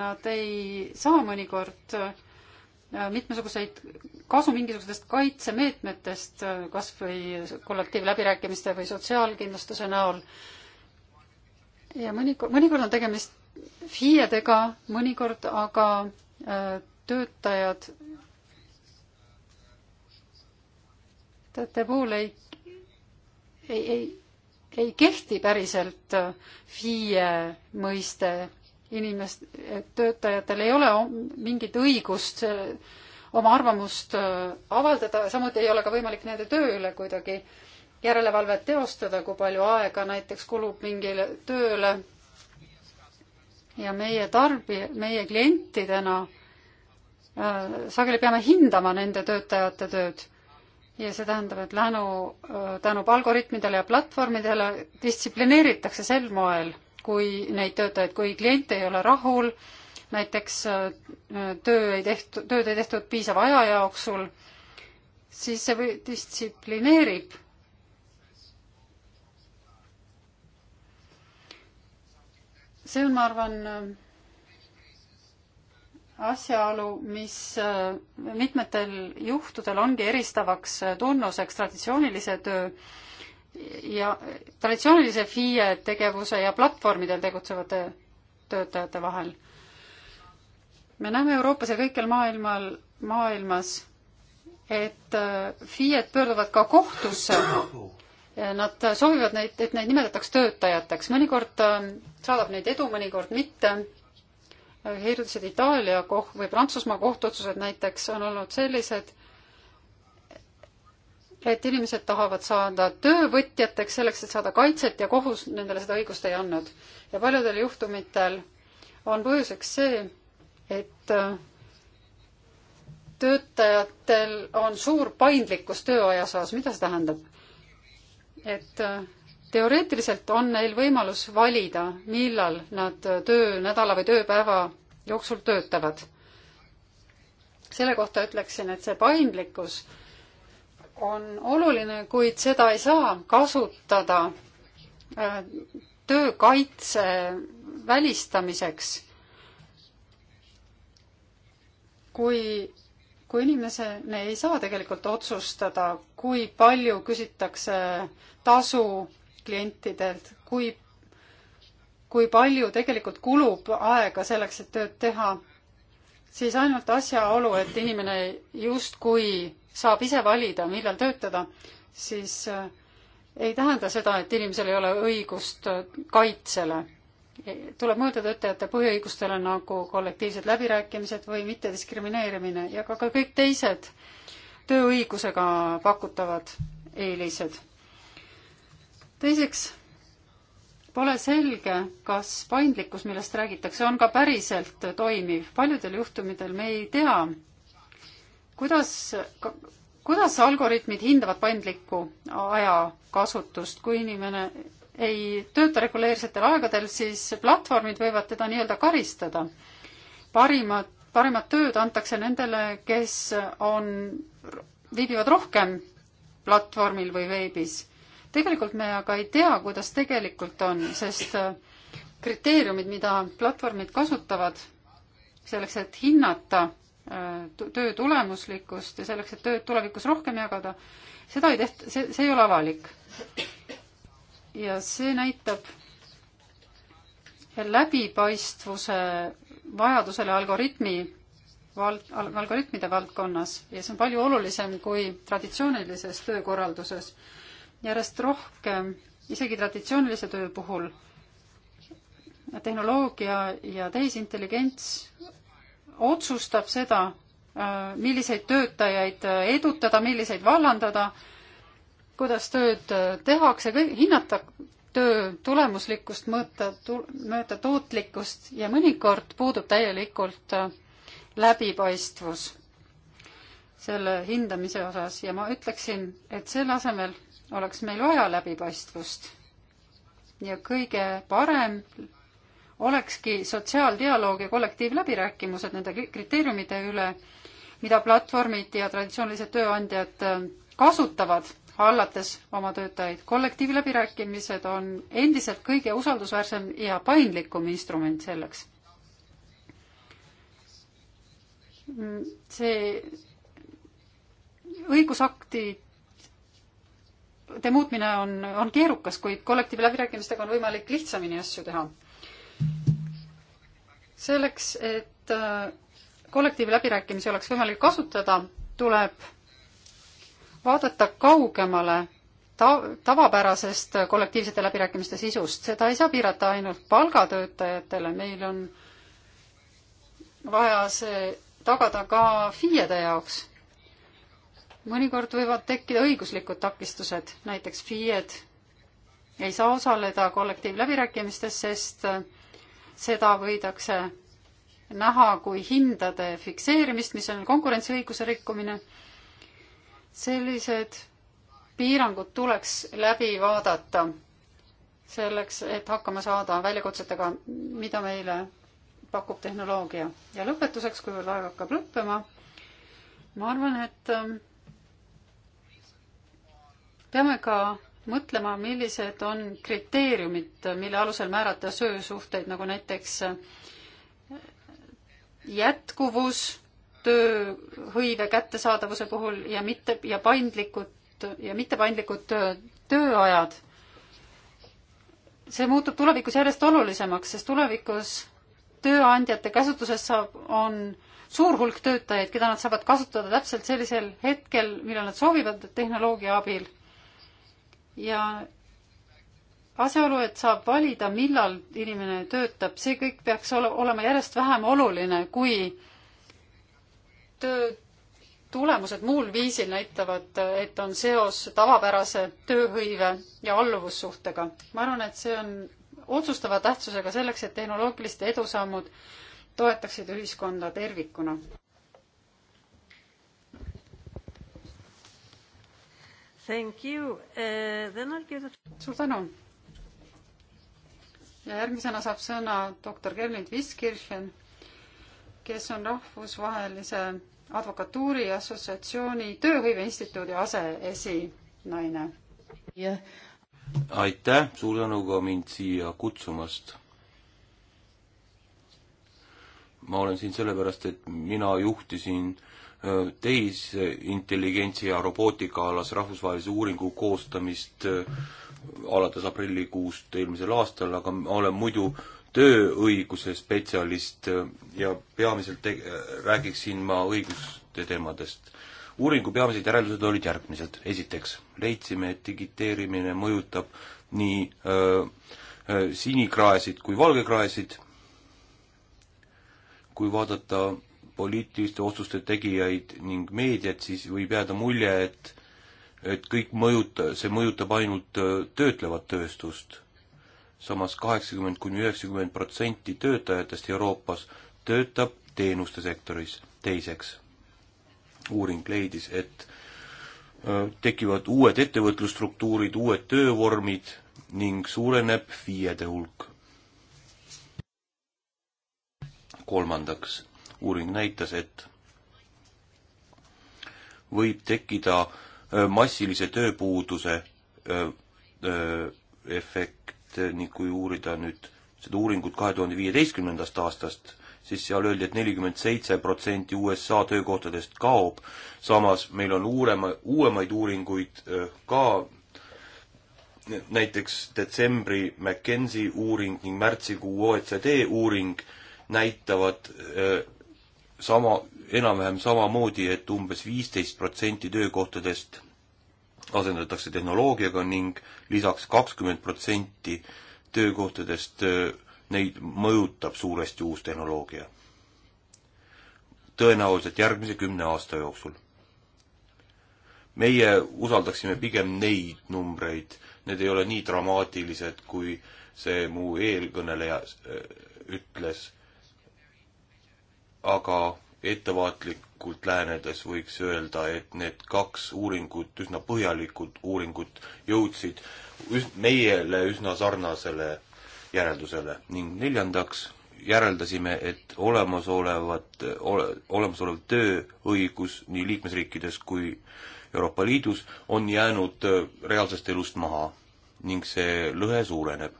nad ei saa mõnikord äh, Äh, mitmesuguseid kasu mingisugustest kaitsemeetmetest, äh, kas või kollektiivläbirääkimiste või sotsiaalkindlustuse näol. ja mõnikord, mõnikord on tegemist FIE-dega, mõnikord aga äh, töötajad töötajate puhul ei, ei, ei, ei kehti päriselt FIE mõiste inimest, töötajatel ei ole mingit õigust äh, oma arvamust äh, avaldada, samuti ei ole ka võimalik nende töö üle kuidagi järelevalvet teostada, kui palju aega näiteks kulub mingile tööle. ja meie tarbi-, meie klientidena äh, sageli peame hindama nende töötajate tööd ja see tähendab, et länu, äh, tänu algoritmidele ja platvormidele distsiplineeritakse sel moel kui neid töötajaid, kui klient ei ole rahul, näiteks äh, töö ei tehtud, tööd ei tehtud piisava aja jooksul, siis see või distsiplineerib. see on, ma arvan, äh, asjaolu, mis äh, mitmetel juhtudel ongi eristavaks tunnuseks traditsioonilise töö ja traditsioonilise FIE tegevuse ja platvormidel tegutsevate töötajate vahel. me näeme Euroopas ja kõikjal maailmal, maailmas, et äh, FIE-d pöörduvad ka kohtusse. Nad soovivad neid, et neid nimetataks töötajateks, mõnikord äh, saadab neid edu, mõnikord mitte. hiljutised äh, Itaalia koh- või Prantsusmaa kohtuotsused näiteks on olnud sellised et inimesed tahavad saada töövõtjateks selleks, et saada kaitset ja kohus nendele seda õigust ei andnud. ja paljudel juhtumitel on põhjuseks see, et äh, töötajatel on suur paindlikkus tööaja osas, mida see tähendab? et äh, teoreetiliselt on neil võimalus valida, millal nad äh, töönädala või tööpäeva jooksul töötavad. selle kohta ütleksin, et see paindlikkus on oluline, kuid seda ei saa kasutada äh, töökaitse välistamiseks. kui, kui inimesena ei saa tegelikult otsustada, kui palju küsitakse tasu klientidelt, kui, kui palju tegelikult kulub aega selleks, et tööd teha, siis ainult asjaolu, et inimene justkui saab ise valida, millal töötada, siis äh, ei tähenda seda, et inimesel ei ole õigust äh, kaitsele. E, tuleb mõelda töötajate põhiõigustele nagu kollektiivsed läbirääkimised või mittediskrimineerimine ja ka, ka kõik teised tööõigusega pakutavad eelised. teiseks pole selge, kas paindlikkus, millest räägitakse, on ka päriselt toimiv. paljudel juhtumitel me ei tea, kuidas, kuidas algoritmid hindavad paindlikku ajakasutust, kui inimene ei tööta reguleerisetel aegadel, siis platvormid võivad teda nii-öelda karistada. parimad, paremat tööd antakse nendele, kes on, viibivad rohkem platvormil või veebis. tegelikult me aga ei tea, kuidas tegelikult on, sest äh, kriteeriumid, mida platvormid kasutavad selleks, et hinnata Äh, töö tulemuslikkust ja selleks, et tööd tulevikus rohkem jagada, seda ei tehta, see, see ei ole avalik. ja see näitab läbipaistvuse vajadusele algoritmi vald-, algoritmide valdkonnas ja see on palju olulisem kui traditsioonilises töökorralduses. järjest rohkem, isegi traditsioonilise töö puhul, tehnoloogia ja tehisintelligents otsustab seda, äh, milliseid töötajaid äh, edutada, milliseid vallandada, kuidas tööd äh, tehakse, hinnata töö tulemuslikkust, mõõta, mõõta tootlikkust ja mõnikord puudub täielikult läbipaistvus selle hindamise osas ja ma ütleksin, et selle asemel oleks meil vaja läbipaistvust. ja kõige parem olekski sotsiaaldialoog ja kollektiivläbirääkimused nende kriteeriumide üle, mida platvormid ja traditsioonilised tööandjad äh, kasutavad, hallates oma töötajaid. kollektiivläbirääkimised on endiselt kõige usaldusväärsem ja paindlikum instrument selleks. see õigusaktid te muutmine on, on keerukas, kuid kollektiivläbirääkimistega on võimalik lihtsamini asju teha selleks, et äh, kollektiivläbirääkimisi oleks võimalik kasutada, tuleb vaadata kaugemale ta-, tavapärasest kollektiivsete läbirääkimiste sisust, seda ei saa piirata ainult palgatöötajatele, meil on vaja see tagada ka FIE-de jaoks. mõnikord võivad tekkida õiguslikud takistused, näiteks FIE-d ei saa osaleda kollektiivläbirääkimistes, sest äh, seda võidakse näha kui hindade fikseerimist, mis on konkurentsiõiguse rikkumine. sellised piirangud tuleks läbi vaadata selleks, et hakkama saada väljakutsetega, mida meile pakub tehnoloogia. ja lõpetuseks, kuivõrd aeg hakkab lõppema, ma arvan, et ähm, peame ka mõtlema, millised on kriteeriumid, mille alusel määrata söösuhteid, nagu näiteks äh, jätkuvus tööhõive kättesaadavuse puhul ja mitte ja paindlikud ja mittepaindlikud töö, äh, tööajad. see muutub tulevikus järjest olulisemaks, sest tulevikus tööandjate käsutuses saab, on suur hulk töötajaid, keda nad saavad kasutada täpselt sellisel hetkel, millal nad soovivad tehnoloogia abil ja asjaolu, et saab valida, millal inimene töötab, see kõik peaks ole, olema järjest vähem oluline, kui töö tulemused muul viisil näitavad, et on seos tavapärase tööhõive ja alluvussuhtega. ma arvan, et see on otsustava tähtsusega selleks, et tehnoloogilised edusammud toetaksid ühiskonda tervikuna. Thank you uh,. Then I'll give the... suur tänu. ja järgmisena saab sõna doktor Gerlind Viskirchen, kes on rahvusvahelise advokatuuri assotsiatsiooni Tööhõive Instituudi aseesinaine. jah. aitäh, suur tänu ka mind siia kutsumast. ma olen siin sellepärast, et mina juhtisin äh, Äh, tehisintelligentsi ja robootika alas rahvusvahelise uuringu koostamist äh, alates aprillikuust eelmisel aastal, aga ma olen muidu tööõiguse spetsialist äh, ja peamiselt te-, räägiksin ma õiguste teemadest. uuringu peamised järeldused olid järgmised. esiteks, leidsime, et digiteerimine mõjutab nii öö, sinikraesid kui valgekraesid, kui vaadata poliitiliste otsuste tegijaid ning meediat, siis võib jääda mulje, et et kõik mõjuta, see mõjutab ainult äh, töötlevat tööstust samas. samas kaheksakümmend kuni üheksakümmend protsenti töötajatest Euroopas töötab teenuste sektoris. teiseks, uuring leidis, et äh, tekivad uued ettevõtlusstruktuurid, uued töövormid ning suureneb FIE-de hulk. kolmandaks uuring näitas, et võib tekkida massilise tööpuuduse efekt ning kui uurida nüüd seda uuringut kahe tuhande viieteistkümnendast aastast, siis seal öeldi et, et nelikümmend seitse protsenti USA töökohtadest kaob, samas meil on uurema, uuemaid uuringuid ka, näiteks detsembri McKenzie uuring ning märtsikuu OECD uuring näitavad, sama, enam-vähem samamoodi, et umbes viisteist protsenti töökohtadest asendatakse tehnoloogiaga ning lisaks kakskümmend protsenti töökohtadest neid mõjutab suuresti uus tehnoloogia. tõenäoliselt järgmise kümne aasta jooksul. meie usaldaksime pigem neid numbreid, need ei ole nii dramaatilised, kui see mu eelkõneleja ütles aga ettevaatlikult lähenedes võiks öelda, et need kaks uuringut, üsna põhjalikud uuringut, jõudsid üs-, meiele üsna sarnasele järeldusele ning neljandaks järeldasime, et olemasolevat ole,, olemasolev tööõigus nii liikmesriikides kui Euroopa Liidus on jäänud reaalsest elust maha ning see lõhe suureneb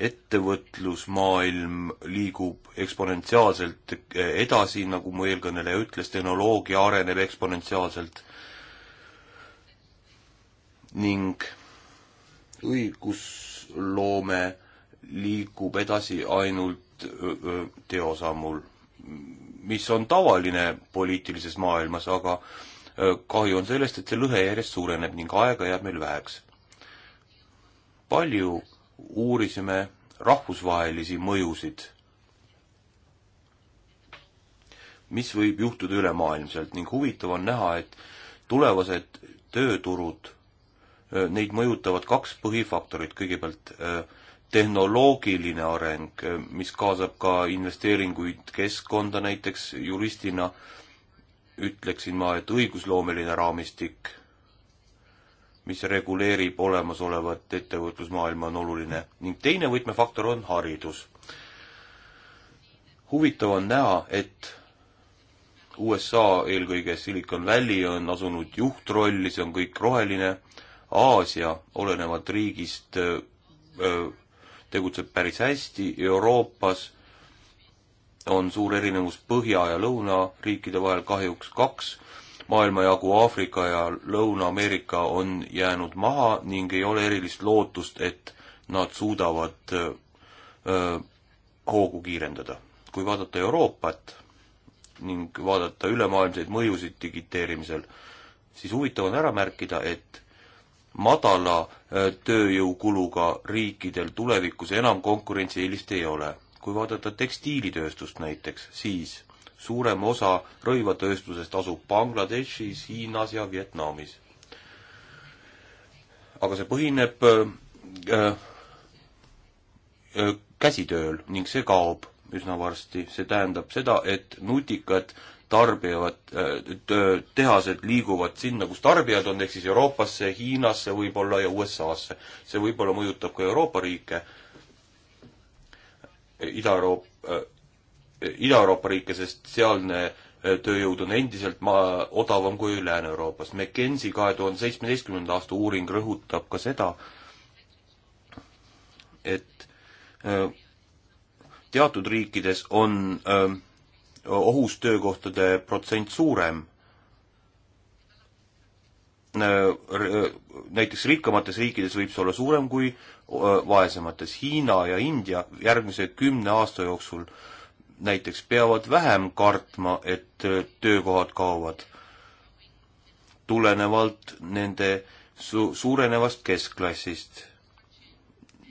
ettevõtlusmaailm liigub eksponentsiaalselt eh, edasi, nagu mu eelkõneleja ütles, tehnoloogia areneb eksponentsiaalselt ning õigusloome liigub edasi ainult teosammul, mis on tavaline poliitilises maailmas, aga kahju on sellest, et see lõhe järjest suureneb ning aega jääb meil väheks. palju uurisime rahvusvahelisi mõjusid, mis võib juhtuda ülemaailmselt ning huvitav on näha, et tulevased tööturud, neid mõjutavad kaks põhifaktorit, kõigepealt tehnoloogiline areng, mis kaasab ka investeeringuid keskkonda, näiteks juristina ütleksin ma, et õigusloomeline raamistik mis reguleerib olemasolevat ettevõtlusmaailma, on oluline ning teine võtmefaktor on haridus. huvitav on näha, et USA, eelkõige Silicon Valley on asunud juhtrolli, see on kõik roheline, Aasia, olenevalt riigist, tegutseb päris hästi, Euroopas on suur erinevus põhja ja lõuna riikide vahel kahjuks kaks maailmajagu Aafrika ja Lõuna-Ameerika on jäänud maha ning ei ole erilist lootust, et nad suudavad öö, hoogu kiirendada. kui vaadata Euroopat ning vaadata ülemaailmseid mõjusid digiteerimisel, siis huvitav on ära märkida, et madala tööjõukuluga riikidel tulevikus enam konkurentsieelist ei ole. kui vaadata tekstiilitööstust näiteks, siis suurem osa rõivatööstusest asub Bangladeshis, Hiinas ja Vietnamis. aga see põhineb äh, äh, käsitööl ning see kaob üsna varsti, see tähendab seda, et nutikad tarbivad, äh, äh, tehased liiguvad sinna, kus tarbijad on, ehk siis Euroopasse, Hiinasse võib-olla ja USA-sse. see võib-olla mõjutab ka Euroopa riike, Ida-Euroopa, äh, Ida-Euroopa riike, sest sealne äh, tööjõud on endiselt maa odavam kui Lääne-Euroopas. McKenzie kahe tuhande seitsmeteistkümnenda aasta uuring rõhutab ka seda, et äh, teatud riikides on öö, äh, ohus töökohtade protsent suurem. näiteks rikkamates riikides võib see olla suurem kui vaesemates. Hiina ja India järgmise kümne aasta jooksul öö, näiteks peavad vähem kartma, et töökohad kaovad, tulenevalt nende su-, suurenevast keskklassist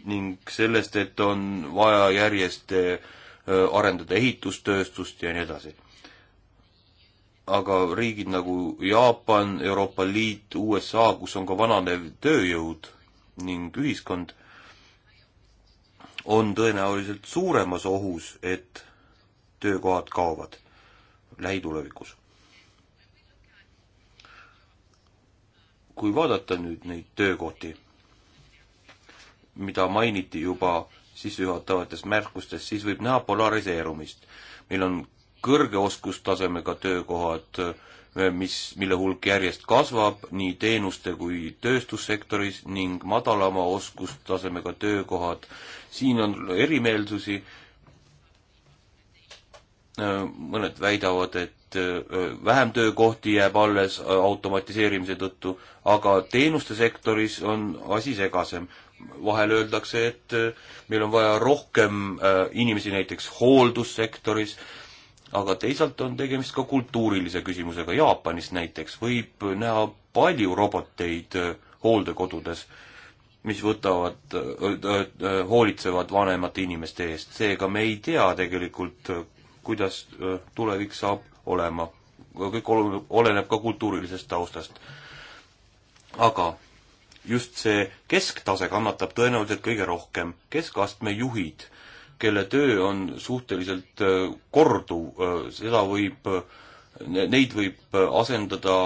ning sellest, et on vaja järjest äh, arendada ehitustööstust ja nii edasi. aga riigid nagu Jaapan, Euroopa Liit, USA, kus on ka vananev tööjõud ning ühiskond, on tõenäoliselt suuremas ohus, et töökohad kaovad lähitulevikus. kui vaadata nüüd neid töökohti, mida mainiti juba sissejuhatavates märkustes, siis võib näha polariseerumist. meil on kõrge oskustasemega töökohad, eh, mis, mille hulk järjest kasvab nii teenuste kui tööstussektoris ning madalama oskustasemega töökohad. siin on erimeelsusi Äh, mõned väidavad, et äh, vähem töökohti jääb alles äh, automatiseerimise tõttu, aga teenuste sektoris on asi segasem. vahel öeldakse, et meil on vaja rohkem inimesi näiteks hooldussektoris, aga teisalt on tegemist ka kultuurilise küsimusega. Jaapanis näiteks võib näha palju roboteid hooldekodudes mis võtavad, hoolitsevad vanemate inimeste eest, seega me ei tea tegelikult, kuidas tulevik saab olema. kõik oleneb ka kultuurilisest taustast. aga just see kesktase kannatab tõenäoliselt kõige rohkem. keskastme juhid, kelle töö on suhteliselt korduv, seda võib, neid võib asendada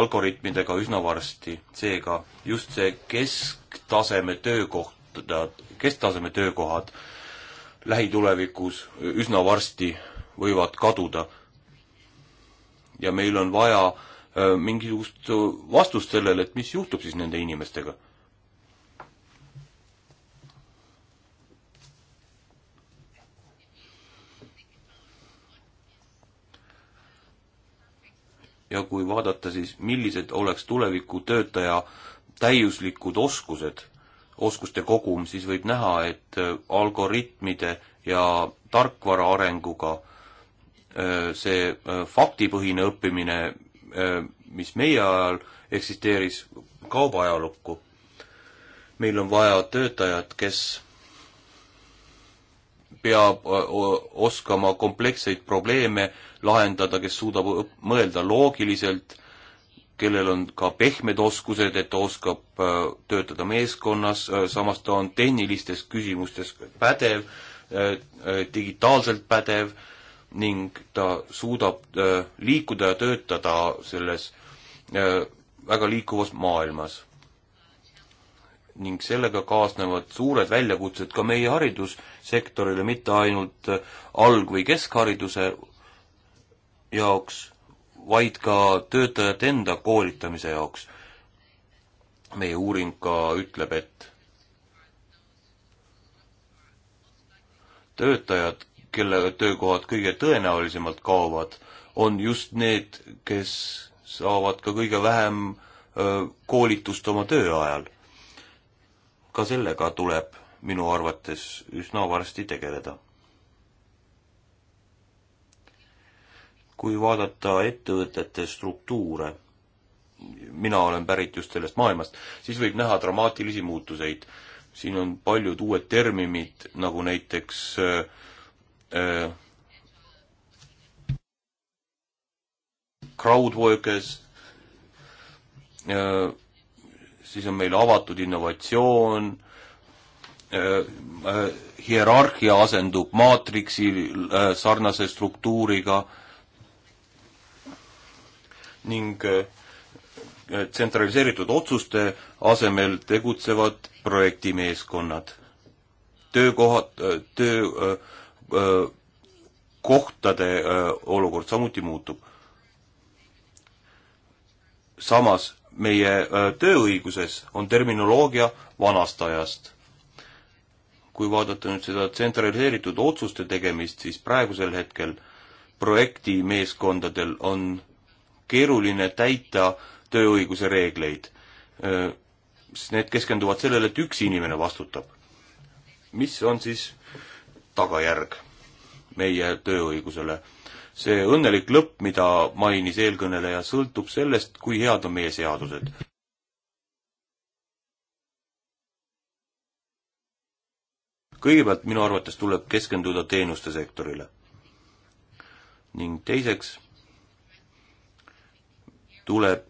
algoritmidega üsna varsti. seega just see kesktaseme töökoht, kesktaseme töökohad lähitulevikus üsna varsti võivad kaduda. ja meil on vaja äh, mingisugust vastust sellele, et mis juhtub siis nende inimestega. ja kui vaadata, siis millised oleks tuleviku töötaja täiuslikud oskused oskuste kogum, siis võib näha, et äh, algoritmide ja tarkvara arenguga äh, see äh, faktipõhine õppimine, mis meie ajal eksisteeris, kaob ajalukku. meil on vaja töötajat, kes peab oskama kompleksseid probleeme lahendada, kes suudab mõelda loogiliselt kellel on ka pehmed oskused, et ta oskab äh, töötada meeskonnas, äh, samas ta on tehnilistes küsimustes pädev, äh, digitaalselt pädev ning ta suudab liikuda ja töötada selles väga liikuvas maailmas. ning sellega kaasnevad suured väljakutsed ka meie haridussektorile, mitte ainult alg- või keskhariduse jaoks vaid ka töötajate enda koolitamise jaoks. meie uuring ka ütleb, et töötajad, kelle töökohad kõige tõenäolisemalt kaovad, on just need, kes saavad ka kõige vähem koolitust oma töö ajal. ka sellega tuleb minu arvates üsna varsti tegeleda kui vaadata ettevõtete struktuure, mina olen pärit just sellest maailmast, siis võib näha dramaatilisi muutuseid. siin on paljud uued terminid, nagu näiteks äh, äh, crowdworkers äh,, siis on meil avatud innovatsioon äh,, äh, hierarhia asendub maatriksi äh, sarnase struktuuriga äh,, ning äh, tsentraliseeritud otsuste asemel tegutsevad projektimeeskonnad. töökohad, äh, töö äh, kohtade olukord samuti muutub. samas meie tööõiguses on terminoloogia vanast ajast. kui vaadata nüüd seda tsentraliseeritud otsuste tegemist, siis praegusel hetkel projektimeeskondadel on keeruline täita tööõiguse reegleid, sest need keskenduvad sellele, et üks inimene vastutab. mis on siis tagajärg meie tööõigusele? see õnnelik lõpp, mida mainis eelkõneleja, sõltub sellest, kui head on meie seadused. kõigepealt minu arvates tuleb keskenduda teenuste sektorile. ning teiseks tuleb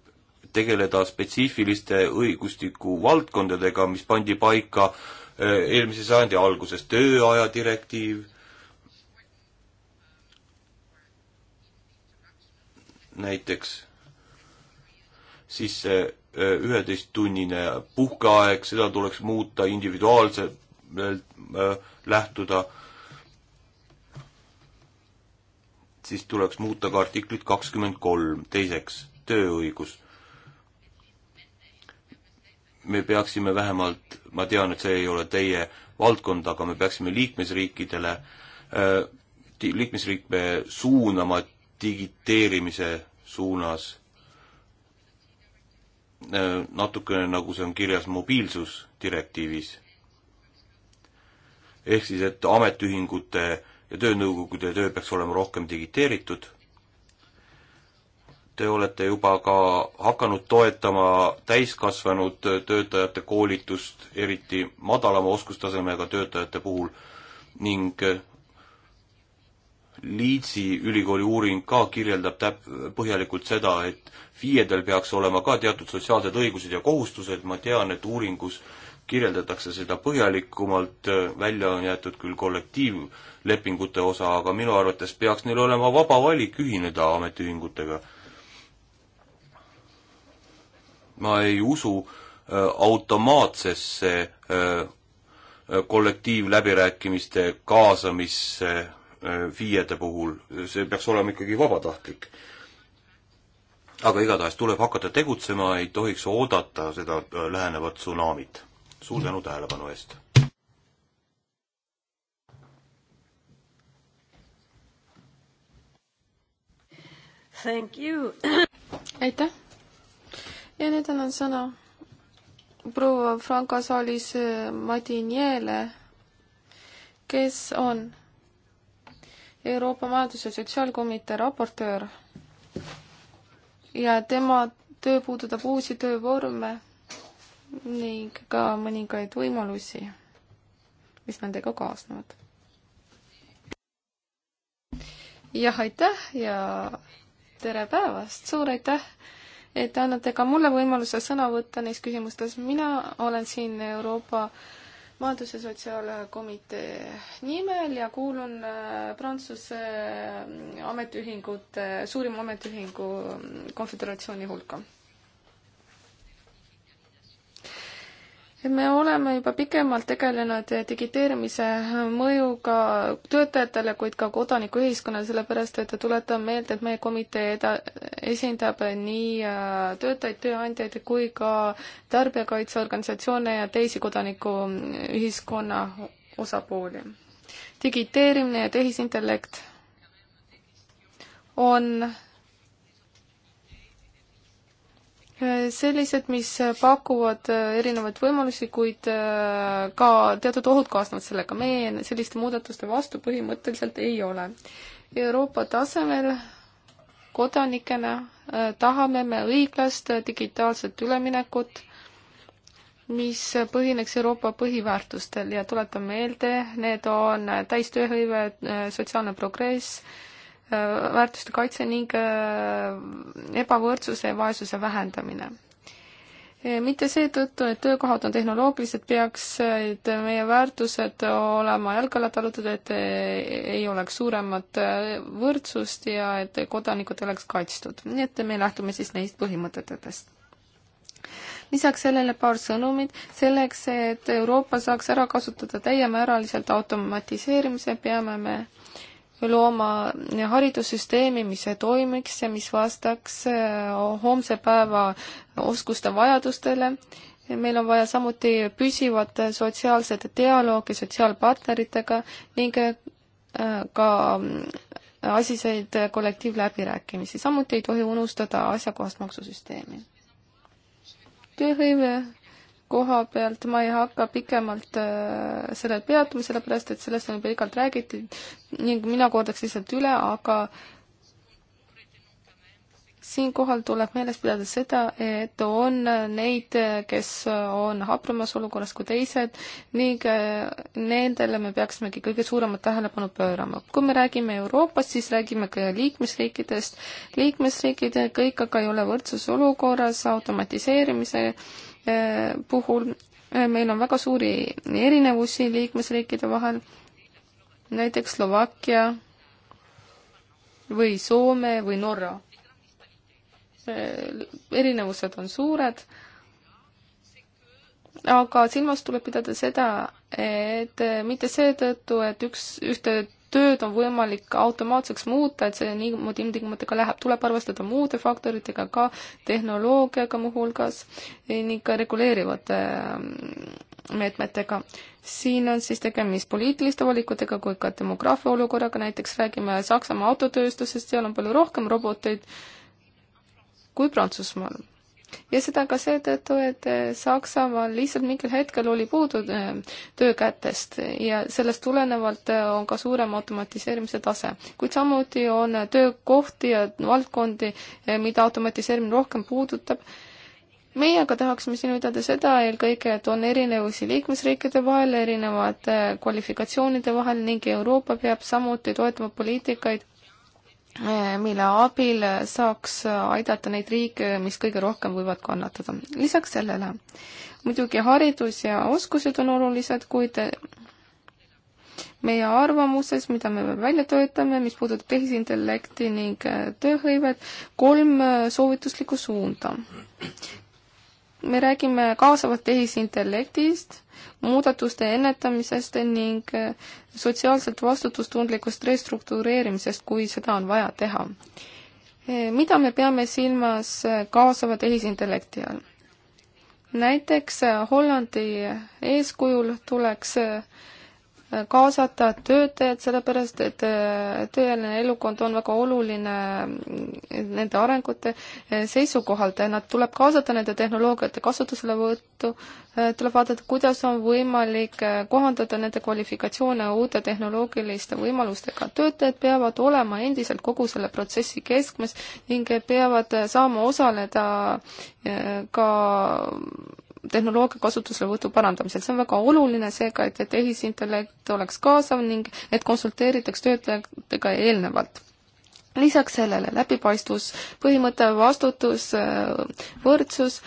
tegeleda spetsiifiliste õigustiku valdkondadega, mis pandi paika äh, eelmise sajandi alguses, tööaja direktiiv, näiteks siis see äh, üheteisttunnine puhkeaeg, seda tuleks muuta individuaalselt, äh, lähtuda, siis tuleks muuta ka artiklit kakskümmend kolm, teiseks tööõigus. me peaksime vähemalt, ma tean, et see ei ole teie valdkond, aga me peaksime liikmesriikidele, äh, liikmesriike suunama digiteerimise suunas äh, natukene nagu see on kirjas mobiilsusdirektiivis. ehk siis, et ametiühingute ja töönõukogude töö peaks olema rohkem digiteeritud. Te olete juba ka hakanud toetama täiskasvanud töötajate koolitust, eriti madalama oskustasemega töötajate puhul ning eh, Leedsi ülikooli uuring ka kirjeldab täp-, põhjalikult seda, et FIE-del peaks olema ka teatud sotsiaalsed õigused ja kohustused, ma tean, et uuringus kirjeldatakse seda põhjalikumalt, eh, välja on jäetud küll kollektiivlepingute osa, aga minu arvates peaks neil olema vaba valik ühineda ametiühingutega ma ei usu äh, automaatsesse äh, äh, kollektiivläbirääkimiste kaasamisse FIE-de puhul, see peaks olema ikkagi vabatahtlik. aga igatahes tuleb hakata tegutsema, ei tohiks oodata seda lähenevat tsunamit. suur tänu tähelepanu eest! aitäh! ja nüüd annan sõna proua Franco saalis Madiniele, kes on Euroopa Majandus- ja Sotsiaalkomitee raportöör ja tema töö puudutab uusi töövorme ning ka mõningaid võimalusi, mis nendega kaasnevad. jah, aitäh ja tere päevast, suur aitäh et annate ka mulle võimaluse sõna võtta neis küsimustes. mina olen siin Euroopa Majandus- ja Sotsiaalkomitee nimel ja kuulun äh, Prantsuse äh, ametiühingute, suurima ametiühingu äh, konföderatsiooni hulka me oleme juba pikemalt tegelenud digiteerimise mõjuga töötajatele, kuid ka kodanikuühiskonnale, sellepärast et tuletan meelde, et meie komitee eda-, esindab nii äh, töötajaid, tööandjaid kui ka tarbijakaitseorganisatsioone ja teisi kodanikuühiskonna osapooli. digiteerimine ja tehisintellekt on sellised, mis pakuvad äh, erinevaid võimalusi, kuid äh, ka teatud ohud kaasnevad sellega. meie selliste muudatuste vastu põhimõtteliselt ei ole. Euroopa tasemel kodanikena äh, tahame me õiglast digitaalset üleminekut, mis põhineks Euroopa põhiväärtustel ja tuletan meelde, need on täistööhõive, sotsiaalne progress, Äh, väärtuste kaitse ning äh, ebavõrdsuse ja vaesuse vähendamine. Äh, mitte seetõttu, et töökohad on tehnoloogilised, peaksid meie väärtused olema jalge alla talutud, et ei oleks suuremat võrdsust ja et kodanikud oleks kaitstud. nii et me lähtume siis neist põhimõtetest lisaks sellele paar sõnumit, selleks, et Euroopa saaks ära kasutada täiemääraliselt automatiseerimise, peame me looma haridussüsteemi, mis toimiks ja mis vastaks eh, homse päeva oskuste vajadustele. meil on vaja samuti püsivat sotsiaalset dialoogi sotsiaalpartneritega ning eh, ka mm, asiseid kollektiivläbirääkimisi, samuti ei tohi unustada asjakohast maksusüsteemi. tööhõive koha pealt ma ei hakka pikemalt äh, sellel peatuma, sellepärast et sellest on juba pikalt räägitud ning mina kordaks lihtsalt üle, aga siinkohal tuleb meeles pidada seda, et on neid, kes on hapramas olukorras kui teised ning äh, nendele me peaksimegi kõige suuremat tähelepanu pöörama. kui me räägime Euroopast, siis räägime ka liikmesriikidest. liikmesriigid kõik aga ei ole võrdses olukorras automatiseerimise puhul äh, meil on väga suuri erinevusi liikmesriikide vahel, näiteks Slovakkia või Soome või Norra. erinevused on suured, aga silmas tuleb pidada seda, et mitte seetõttu, et üks, ühte tööd on võimalik automaatseks muuta, et see niimoodi ilmtingimata ka läheb, tuleb arvestada muude faktoritega ka, tehnoloogiaga muuhulgas eh, ning ka reguleerivate mm, meetmetega. siin on siis tegemist poliitiliste valikutega kui ka demograafia olukorraga, näiteks räägime Saksamaa autotööstusest, seal on palju rohkem roboteid kui Prantsusmaal ja seda ka seetõttu, et äh, Saksamaal lihtsalt mingil hetkel oli puudu äh, töökätest ja sellest tulenevalt äh, on ka suurem automatiseerimise tase. kuid samuti on töökohti ja valdkondi, mida automatiseerimine rohkem puudutab. meie aga tahaksime siin ütelda seda eelkõige, et on erinevusi liikmesriikide vahel, erinevate kvalifikatsioonide vahel ning Euroopa peab samuti toetama poliitikaid Äh, mille abil saaks aidata neid riike, mis kõige rohkem võivad kannatada. lisaks sellele muidugi haridus ja oskused on olulised, kuid meie arvamuses, mida me välja töötame, mis puudutab tehisintellekti ning tööhõivet, kolm soovituslikku suunda me räägime kaasavat tehisintellektist, muudatuste ennetamisest ning äh, sotsiaalselt vastutustundlikust restruktureerimisest, kui seda on vaja teha. Äh, mida me peame silmas äh, kaasava tehisintellekti all? näiteks Hollandi eeskujul tuleks kaasata töötajad, sellepärast et äh, tööealine elukond on väga oluline mm, nende arengute äh, seisukohalt ja nad tuleb kaasata nende tehnoloogiate kasutuselevõttu, äh, tuleb vaadata, kuidas on võimalik kohandada nende kvalifikatsioone uute tehnoloogiliste võimalustega. töötajad peavad olema endiselt kogu selle protsessi keskmes ning peavad saama osaleda ka tehnoloogia kasutuselevõtu parandamisel. see on väga oluline seega, et tehisintellekt oleks kaasav ning et konsulteeritaks töötajatega eelnevalt. lisaks sellele läbipaistvus, põhimõte, vastutus, äh, võrdsus,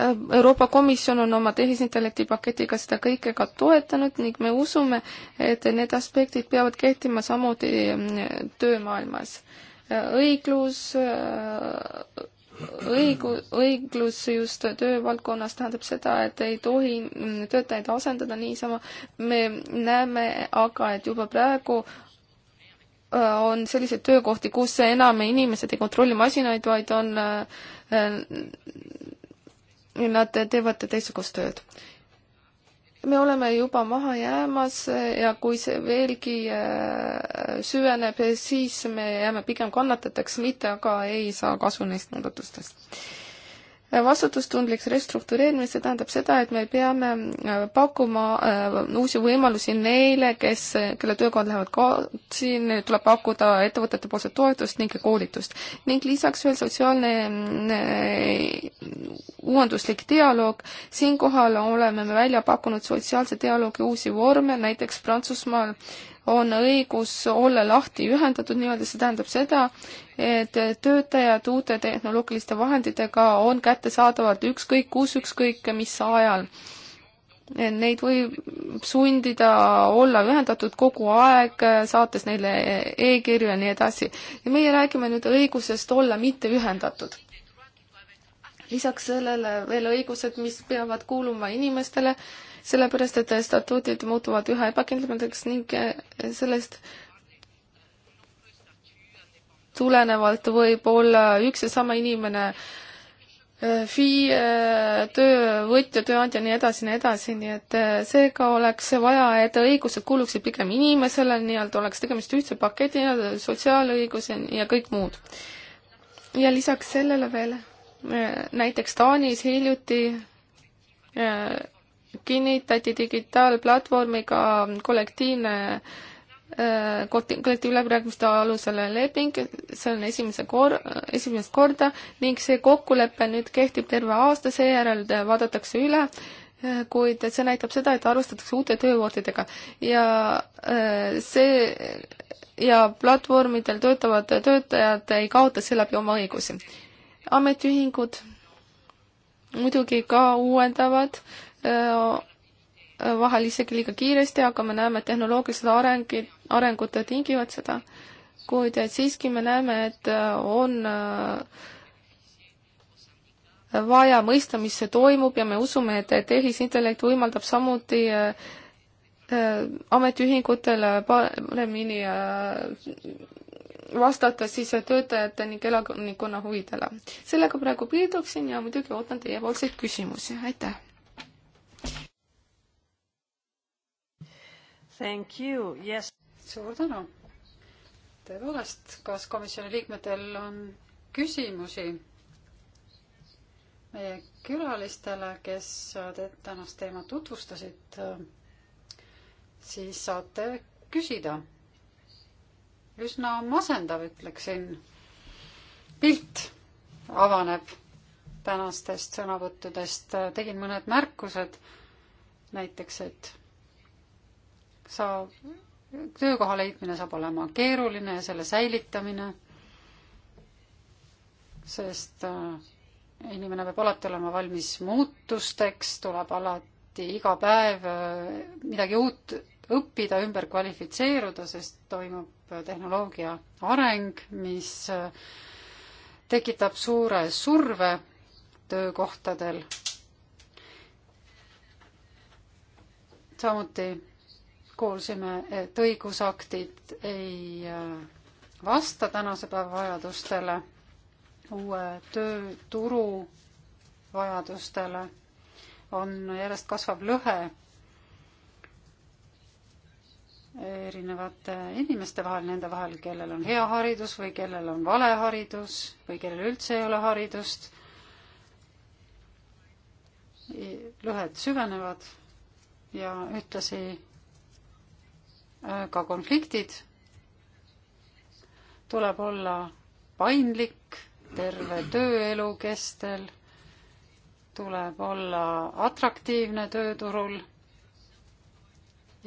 äh, Euroopa Komisjon on oma tehisintellekti paketiga seda kõike ka toetanud ning me usume, et need aspektid peavad kehtima samuti mm, töömaailmas. Äh, õiglus, õigu-, õiglus just töövaldkonnas tähendab seda, et ei tohi töötajaid asendada niisama. me näeme aga, et juba praegu äh, on selliseid töökohti, kus enam inimesed ei kontrolli masinaid, vaid on, äh, nad teevad teistsugust tööd me oleme juba maha jäämas ja kui see veelgi äh, süveneb, siis me jääme pigem kannatajateks, mitte aga ei saa kasu neist muudatustest vastutustundliks restruktureerimine, see tähendab seda, et me peame äh, pakkuma äh, uusi võimalusi neile, kes, kelle töökohad lähevad kaotsi, neil tuleb pakkuda ettevõtete poolset toetust ning koolitust. ning lisaks veel sotsiaalne äh, uuenduslik dialoog, siinkohal oleme me välja pakkunud sotsiaalse dialoogi uusi vorme, näiteks Prantsusmaal äh, on õigus olla lahti ühendatud nii-öelda, see tähendab seda, et töötajad uute tehnoloogiliste vahenditega on kättesaadavad ükskõik kus, ükskõik mis ajal. Neid võib sundida olla ühendatud kogu aeg, saates neile e-kirju ja nii edasi. ja meie räägime nüüd õigusest olla mitte ühendatud lisaks sellele veel õigused, mis peavad kuuluma inimestele, sellepärast et statuudid muutuvad üha ebakindlamateks ning eh, sellest tulenevalt võib olla üks ja sama inimene eh, FIE, eh, töövõtja, tööandja, nii edasi, nii edasi, nii et seega oleks vaja, et õigused kuuluksid pigem inimesele, nii-öelda oleks tegemist ühtse paketi ja sotsiaalõiguse ja kõik muud. ja lisaks sellele veel näiteks Taanis hiljuti kinnitati digitaalplatvormiga kollektiivne äh, kollektiivläbirääkimiste alusel leping, see on esimese kor-, esimest korda ning see kokkulepe nüüd kehtib terve aasta, seejärel vaadatakse üle, äh, kuid see näitab seda, et arvestatakse uute töövormidega ja äh, see ja platvormidel töötavad töötajad ei kaota seeläbi oma õigusi. ametiühingud muidugi ka uuendavad äh, vahel isegi liiga kiiresti, aga me näeme, et tehnoloogilised arengid, arengud tingivad seda, kuid siiski me näeme, et on vaja mõista, mis toimub ja me usume, et tehisintellekt võimaldab samuti ametiühingutele paremini vastata siis töötajate ning elanikkonna huvidele. sellega praegu piirduksin ja muidugi ootan teiepoolseid küsimusi, aitäh! Thank you, yes. suur tänu. tõepoolest, kas komisjoni liikmetel on küsimusi meie külalistele, kes te tänast teemat tutvustasid, siis saate küsida. üsna masendav, ütleksin. pilt avaneb tänastest sõnavõttudest. tegin mõned märkused, näiteks et saab, töökoha leidmine saab olema keeruline ja selle säilitamine, sest äh, inimene peab alati olema valmis muutusteks, tuleb alati iga päev äh, midagi uut õppida, ümber kvalifitseeruda, sest toimub äh, tehnoloogia areng, mis tekitab suure surve töökohtadel. samuti kuulsime, et õigusaktid ei äh, vasta tänase päeva vajadustele, uue tööturu vajadustele, on järjest kasvav lõhe erinevate inimeste vahel, nende vahel, kellel on hea haridus või kellel on vale haridus või kellel üldse ei ole haridust. lõhed süvenevad ja ühtlasi Äh, ka konfliktid. tuleb olla paindlik terve tööelu kestel, tuleb olla atraktiivne tööturul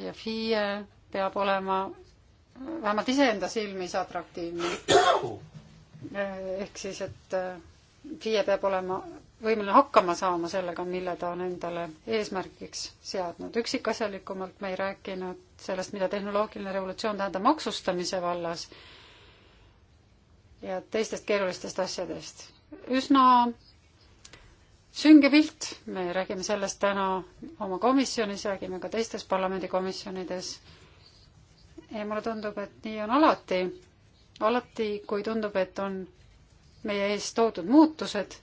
ja FIE peab olema vähemalt iseenda silmis atraktiivne. <coughs> ehk siis, et äh, FIE peab olema võimeline hakkama saama sellega, mille ta on endale eesmärgiks seadnud. üksikasjalikumalt me ei rääkinud sellest, mida tehnoloogiline revolutsioon tähendab maksustamise vallas ja teistest keerulistest asjadest. üsna sünge pilt, me räägime sellest täna oma komisjonis, räägime ka teistes parlamendikomisjonides. ja mulle tundub, et nii on alati. alati, kui tundub, et on meie ees toodud muutused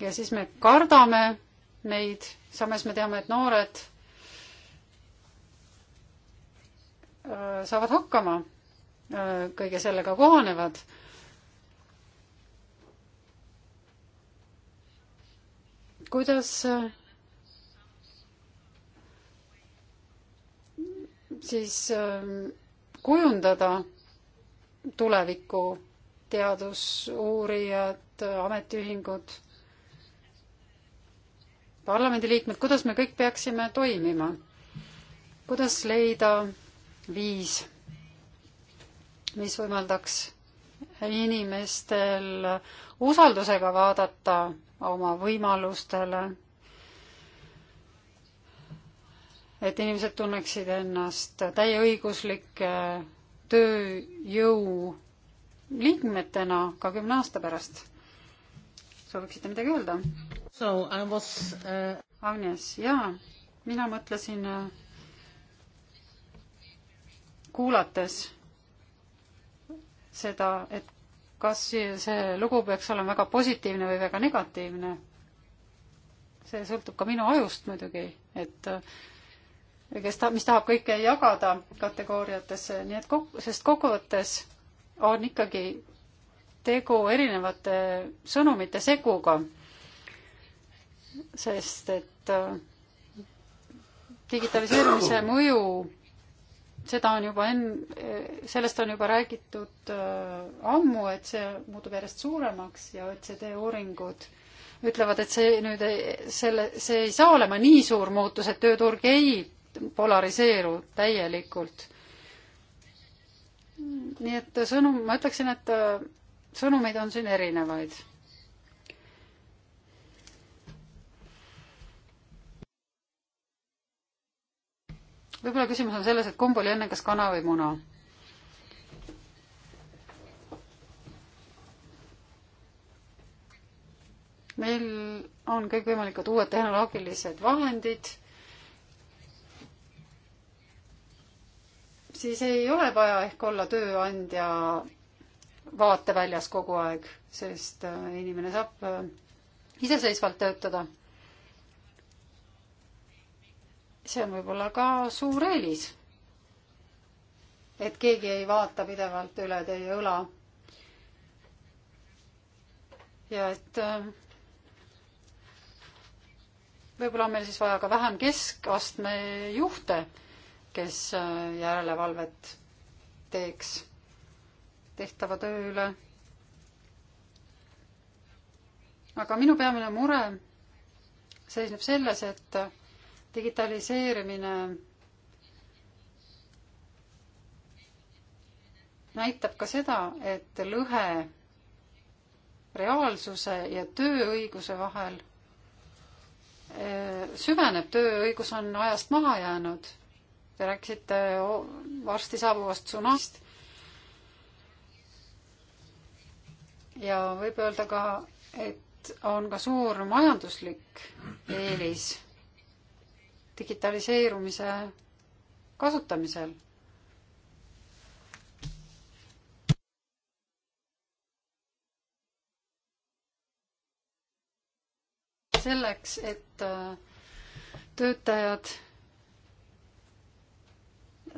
ja siis me kardame neid, samas me teame, et noored äh, saavad hakkama, äh, kõige sellega kohanevad. kuidas äh, siis kujundada tulevikku teadusuurijad, ametiühingud parlamendiliikmed, kuidas me kõik peaksime toimima? kuidas leida viis, mis võimaldaks inimestel usaldusega vaadata oma võimalustele, et inimesed tunneksid ennast täieõiguslike tööjõu liikmetena ka kümne aasta pärast sooviksite midagi öelda? So I was uh... Agnes, jaa, mina mõtlesin äh, kuulates seda, et kas see lugu peaks olema väga positiivne või väga negatiivne. see sõltub ka minu ajust muidugi, et äh, kes ta, mis tahab kõike jagada kategooriatesse, nii et kok-, sest kokkuvõttes on ikkagi tegu erinevate sõnumite seguga, sest et äh, digitaliseerimise mõju, seda on juba enn-, sellest on juba räägitud äh, ammu, et see muutub järjest suuremaks ja OECD uuringud ütlevad, et see nüüd ei, selle, see ei saa olema nii suur muutus, et tööturg ei polariseeru täielikult. nii et sõnum, ma ütleksin, et äh, sõnumeid on siin erinevaid. võib-olla küsimus on selles, et kumb oli enne, kas kana või muna? meil on kõikvõimalikud uued tehnoloogilised vahendid siis ei ole vaja ehk olla tööandja vaateväljas kogu aeg, sest äh, inimene saab äh, iseseisvalt töötada. see on võib-olla ka suur eelis. et keegi ei vaata pidevalt üle teie õla. ja et äh, võib-olla on meil siis vaja ka vähem keskastme juhte, kes järelevalvet teeks tehtava töö üle. aga minu peamine mure seisneb selles, et digitaliseerimine näitab ka seda, et lõhe reaalsuse ja tööõiguse vahel e, süveneb, tööõigus on ajast maha jäänud. Te rääkisite varsti saabuvast tsunamist. ja võib öelda ka, et on ka suur majanduslik eelis digitaliseerumise kasutamisel selleks, et äh, töötajad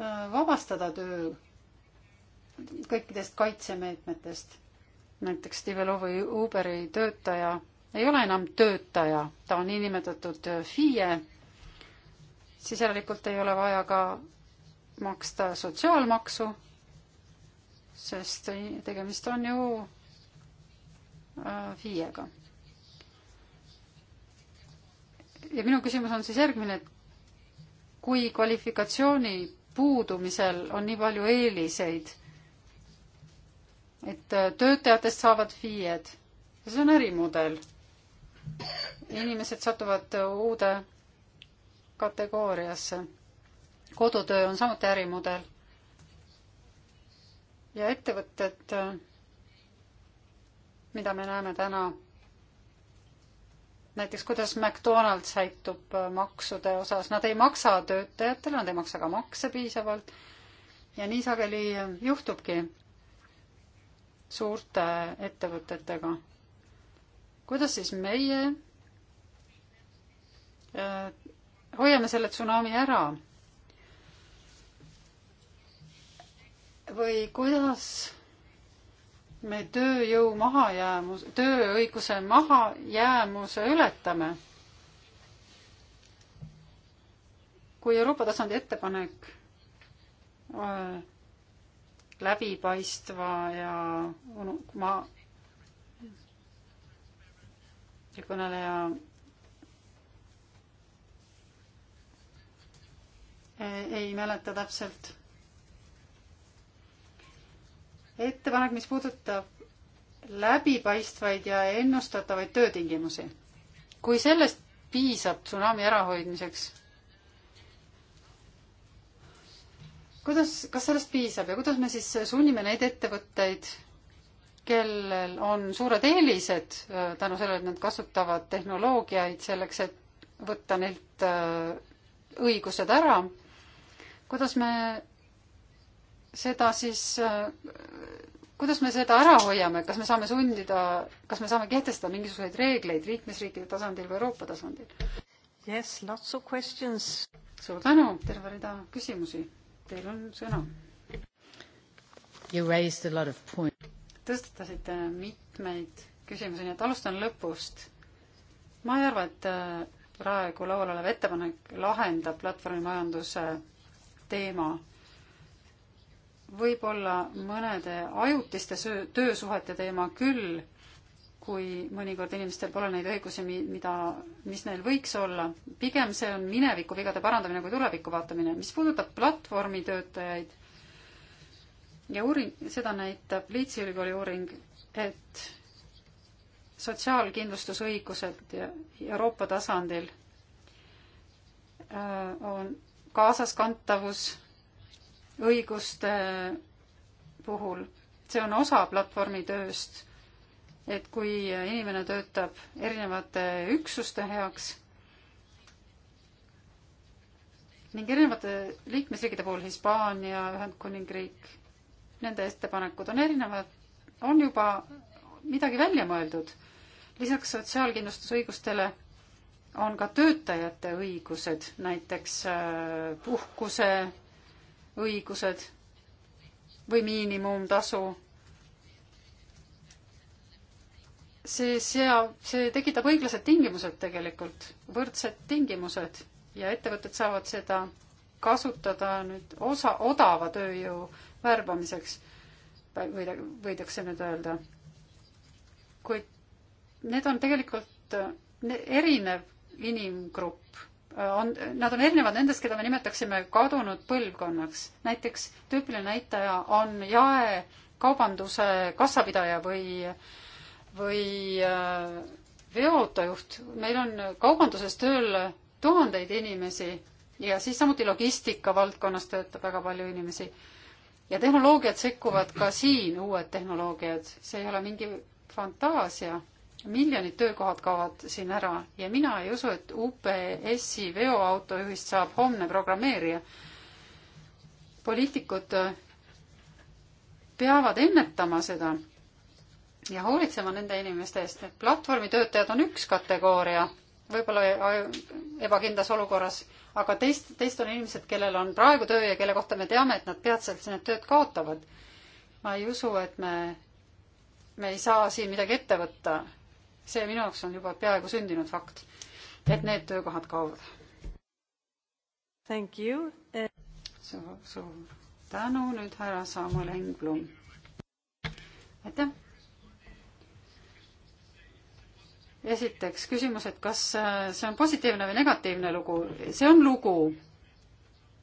äh, vabastada töö kõikidest kaitsemeetmetest näiteks Tivelo või Uberi töötaja ei ole enam töötaja, ta on niinimetatud FIE, siis järelikult ei ole vaja ka maksta sotsiaalmaksu, sest tegemist on ju äh, FIE-ga. ja minu küsimus on siis järgmine, et kui kvalifikatsiooni puudumisel on nii palju eeliseid et äh, töötajatest saavad FIE-d ja see on ärimudel. inimesed satuvad äh, uude kategooriasse. kodutöö on samuti ärimudel. ja ettevõtted, äh, mida me näeme täna, näiteks kuidas McDonalds häitub maksude osas, nad ei maksa töötajatele, nad ei maksa ka makse piisavalt ja nii sageli juhtubki suurte ettevõtetega. kuidas siis meie äh, hoiame selle tsunami ära? või kuidas me tööjõu mahajäämus, tööõiguse mahajäämuse ületame? kui Euroopa tasandi ettepanek äh, läbipaistva ja ma ja kõneleja ei mäleta täpselt. ettepanek, mis puudutab läbipaistvaid ja ennustatavaid töötingimusi. kui sellest piisab tsunami ärahoidmiseks kuidas, kas sellest piisab ja kuidas me siis sunnime neid ettevõtteid, kellel on suured eelised äh, tänu sellele, et nad kasutavad tehnoloogiaid selleks, et võtta neilt äh, õigused ära, kuidas me seda siis, äh, kuidas me seda ära hoiame, kas me saame sundida, kas me saame kehtestada mingisuguseid reegleid liikmesriikide tasandil või Euroopa tasandil? Yes, lots of questions. suur tänu, terve rida küsimusi Teil on sõna. tõstatasite mitmeid küsimusi, nii et alustan lõpust. ma ei arva, et äh, praegu laual olev ettepanek lahendab platvormimajanduse teema. võib-olla mõnede ajutiste söö, töösuhete teema küll kui mõnikord inimestel pole neid õigusi, mida, mis neil võiks olla. pigem see on mineviku vigade parandamine kui tuleviku vaatamine. mis puudutab platvormitöötajaid ja uuring, seda näitab Leedsi ülikooli uuring, et sotsiaalkindlustusõigused Euroopa tasandil äh, on kaasaskantavus õiguste puhul, see on osa platvormi tööst et kui inimene töötab erinevate üksuste heaks ning erinevate liikmesriikide puhul Hispaania, Ühendkuningriik, nende ettepanekud on erinevad, on juba midagi välja mõeldud. lisaks sotsiaalkindlustusõigustele on ka töötajate õigused, näiteks äh, puhkuse õigused või miinimumtasu see seab, see tekitab õiglased tingimused tegelikult, võrdsed tingimused ja ettevõtted saavad seda kasutada nüüd osa, odava tööjõu värbamiseks, võida-, võidakse nüüd öelda. kuid need on tegelikult erinev inimgrupp, on, nad on erinevad nendest, keda me nimetaksime kadunud põlvkonnaks. näiteks tüüpiline näitaja on jaekaubanduse kassapidaja või äh, või äh, veoautojuht, meil on kaubanduses tööl tuhandeid inimesi ja siis samuti logistika valdkonnas töötab väga palju inimesi. ja tehnoloogiad sekkuvad ka siin, uued tehnoloogiad, see ei ole mingi fantaasia. miljonid töökohad kaovad siin ära ja mina ei usu, et UPS-i veoautojuhist saab homne programmeerija. poliitikud äh, peavad ennetama seda ja hoolitsema nende inimeste eest, et platvormitöötajad on üks kategooria, võib-olla ebakindlas olukorras, aga teist, teist on inimesed, kellel on praegu töö ja kelle kohta me teame, et nad peatselt need tööd kaotavad. ma ei usu, et me, me ei saa siin midagi ette võtta. see minu jaoks on juba peaaegu sündinud fakt, et need töökohad kaovad. Thank you eh.... suur, suur tänu nüüd härra Samuel Engblom. aitäh esiteks küsimus, et kas äh, see on positiivne või negatiivne lugu, see on lugu.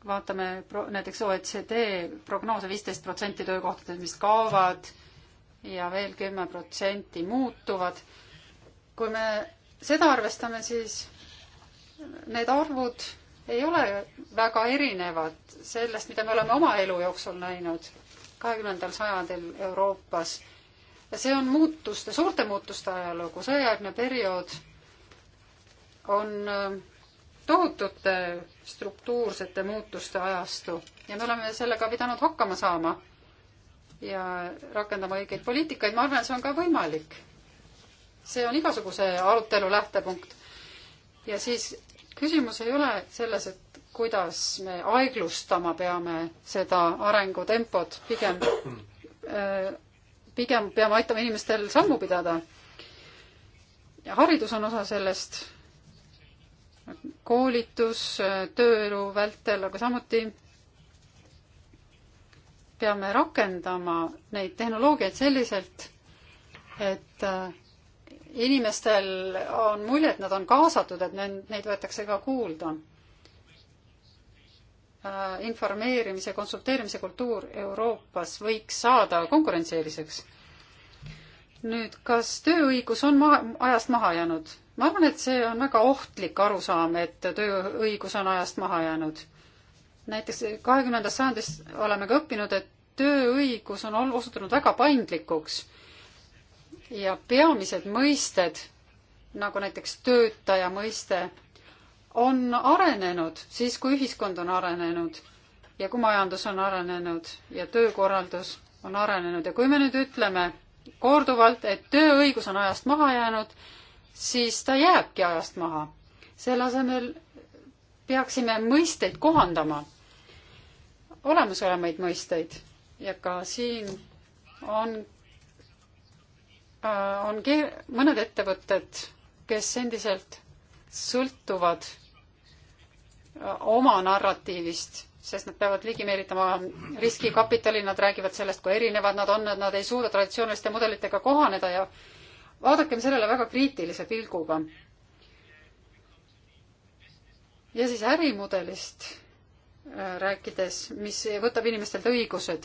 vaatame pro, näiteks OECD prognoose, viisteist protsenti töökohtadest, mis kaovad ja veel kümme protsenti muutuvad. kui me seda arvestame, siis need arvud ei ole väga erinevad sellest, mida me oleme oma elu jooksul näinud kahekümnendal sajandil Euroopas ja see on muutuste, suurte muutuste ajalugu, sõjaaegne periood on äh, tohutute struktuursete muutuste ajastu ja me oleme sellega pidanud hakkama saama ja rakendama õigeid poliitikaid, ma arvan, et see on ka võimalik. see on igasuguse arutelu lähtepunkt. ja siis küsimus ei ole selles, et kuidas me aeglustama peame seda arengutempot, pigem äh, pigem peame aitama inimestel sammu pidada. ja haridus on osa sellest, koolitus tööelu vältel, aga samuti peame rakendama neid tehnoloogiaid selliselt, et äh, inimestel on mulje, et nad on kaasatud, et neid võetakse ka kuulda Äh, informeerimise, konsulteerimise kultuur Euroopas võiks saada konkurentsieeliseks. nüüd, kas tööõigus on maha, ajast maha jäänud? ma arvan, et see on väga ohtlik arusaam, et tööõigus on ajast maha jäänud. näiteks kahekümnendast sajandist oleme ka õppinud, et tööõigus on osutunud väga paindlikuks ja peamised mõisted, nagu näiteks töötaja mõiste on arenenud siis, kui ühiskond on arenenud ja kui majandus on arenenud ja töökorraldus on arenenud ja kui me nüüd ütleme korduvalt, et tööõigus on ajast maha jäänud, siis ta jääbki ajast maha. selle asemel peaksime mõisteid kohandama, olemasolevaid mõisteid ja ka siin on, äh, on keer-, mõned ettevõtted, kes endiselt sõltuvad oma narratiivist, sest nad peavad ligi meelitama riskikapitali, nad räägivad sellest, kui erinevad nad on, et nad ei suuda traditsiooniliste mudelitega kohaneda ja vaadakem sellele väga kriitilise pilguga. ja siis ärimudelist äh, rääkides, mis võtab inimestelt õigused.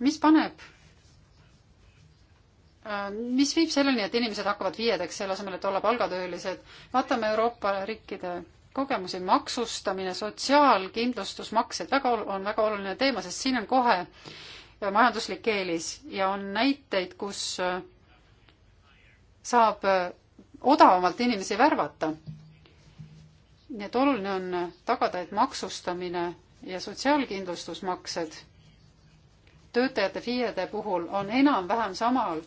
mis paneb Äh, mis viib selleni, et inimesed hakkavad viiedeks, selle asemel, et olla palgatöölised. vaatame Euroopa riikide kogemusi, maksustamine, sotsiaalkindlustusmaksed, väga ol-, on väga oluline teema, sest siin on kohe majanduslik eelis ja on näiteid, kus äh, saab äh, odavamalt inimesi värvata. nii et oluline on tagada, et maksustamine ja sotsiaalkindlustusmaksed töötajate FIE-de puhul on enam-vähem samal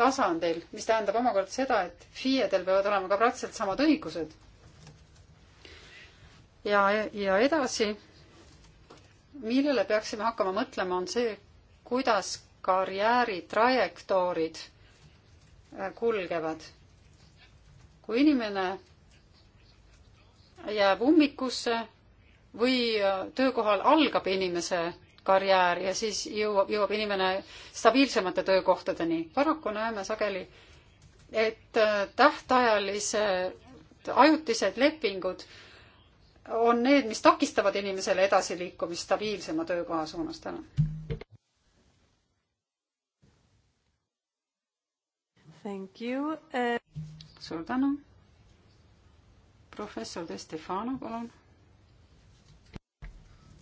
tasandil, mis tähendab omakorda seda, et FIE-del peavad olema ka praktiliselt samad õigused. ja, ja edasi, millele peaksime hakkama mõtlema, on see, kuidas karjääri trajektoorid äh, kulgevad. kui inimene jääb ummikusse või äh, töökohal algab inimese karjäär ja siis jõuab, jõuab inimene stabiilsemate töökohtadeni. paraku näeme sageli, et äh, tähtajalised ajutised lepingud on need, mis takistavad inimesele edasiliikumist stabiilsema töökoha suunas täna. Thank you uh.... suur tänu. professor De Stefano, palun.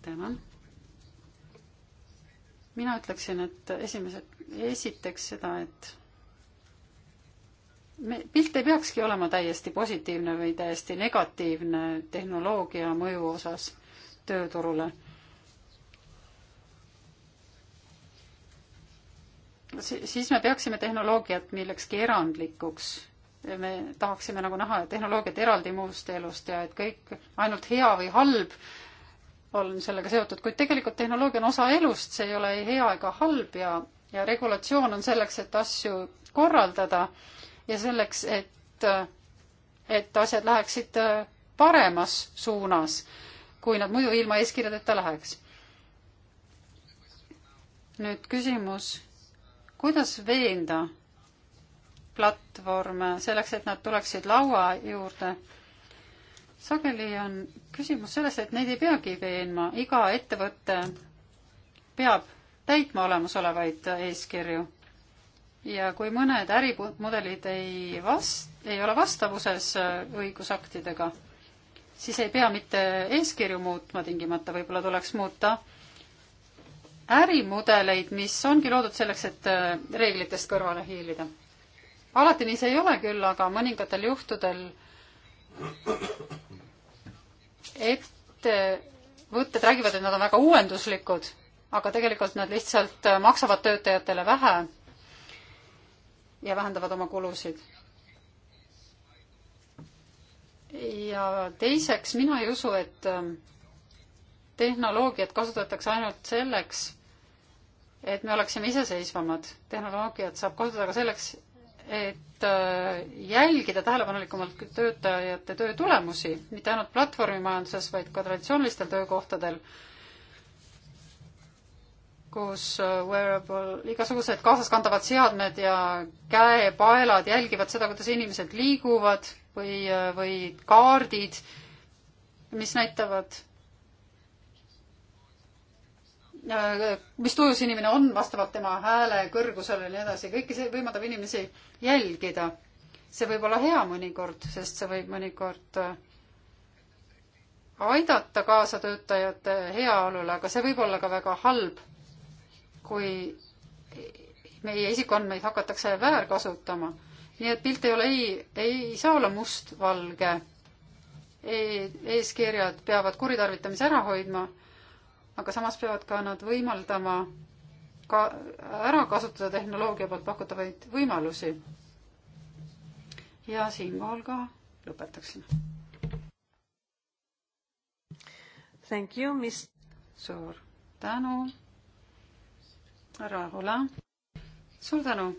tänan mina ütleksin, et esimese, esiteks seda, et me, pilt ei peakski olema täiesti positiivne või täiesti negatiivne tehnoloogia mõju osas tööturule. siis me peaksime tehnoloogiat millekski erandlikuks. me tahaksime nagu näha tehnoloogiat eraldi muust elust ja et kõik ainult hea või halb on sellega seotud, kuid tegelikult tehnoloogia on osa elust, see ei ole ei hea ega halb ja, ja regulatsioon on selleks, et asju korraldada ja selleks, et, et asjad läheksid paremas suunas, kui nad muidu ilma eeskirjadeta läheks. nüüd küsimus, kuidas veenda platvorme selleks, et nad tuleksid laua juurde sageli on küsimus selles, et neid ei peagi veenma, iga ettevõte peab täitma olemasolevaid eeskirju. ja kui mõned ärimudelid ei vast-, ei ole vastavuses õigusaktidega, siis ei pea mitte eeskirju muutma tingimata, võib-olla tuleks muuta ärimudeleid, mis ongi loodud selleks, et äh, reeglitest kõrvale hiilida. alati nii see ei ole küll, aga mõningatel juhtudel ettevõtted räägivad, et nad on väga uuenduslikud, aga tegelikult nad lihtsalt äh, maksavad töötajatele vähe ja vähendavad oma kulusid. ja teiseks, mina ei usu, et äh, tehnoloogiat kasutatakse ainult selleks, et me oleksime iseseisvamad. tehnoloogiat saab kasutada ka selleks, et äh, jälgida tähelepanelikumalt töötajate töö tulemusi, mitte ainult platvormimajanduses, vaid ka traditsioonilistel töökohtadel, kus äh, wearable, igasugused kaasaskandavad seadmed ja käepaelad jälgivad seda, kuidas inimesed liiguvad või, äh, või kaardid, mis näitavad Äh, mis tujus inimene on vastavalt tema hääle kõrgusele ja nii edasi, kõike see võimaldab inimesi jälgida. see võib olla hea mõnikord, sest see võib mõnikord äh, aidata kaasa töötajate heaolule, aga see võib olla ka väga halb, kui meie isikuandmeid hakatakse väärkasutama. nii et pilt ei ole, ei, ei saa olla mustvalge e. eeskirjad peavad kuritarvitamise ära hoidma aga samas peavad ka nad võimaldama ka ära kasutada tehnoloogia poolt pakutavaid võimalusi. ja siinkohal ka lõpetaksin. Thank you, mis suur tänu, härra Ola. suur tänu.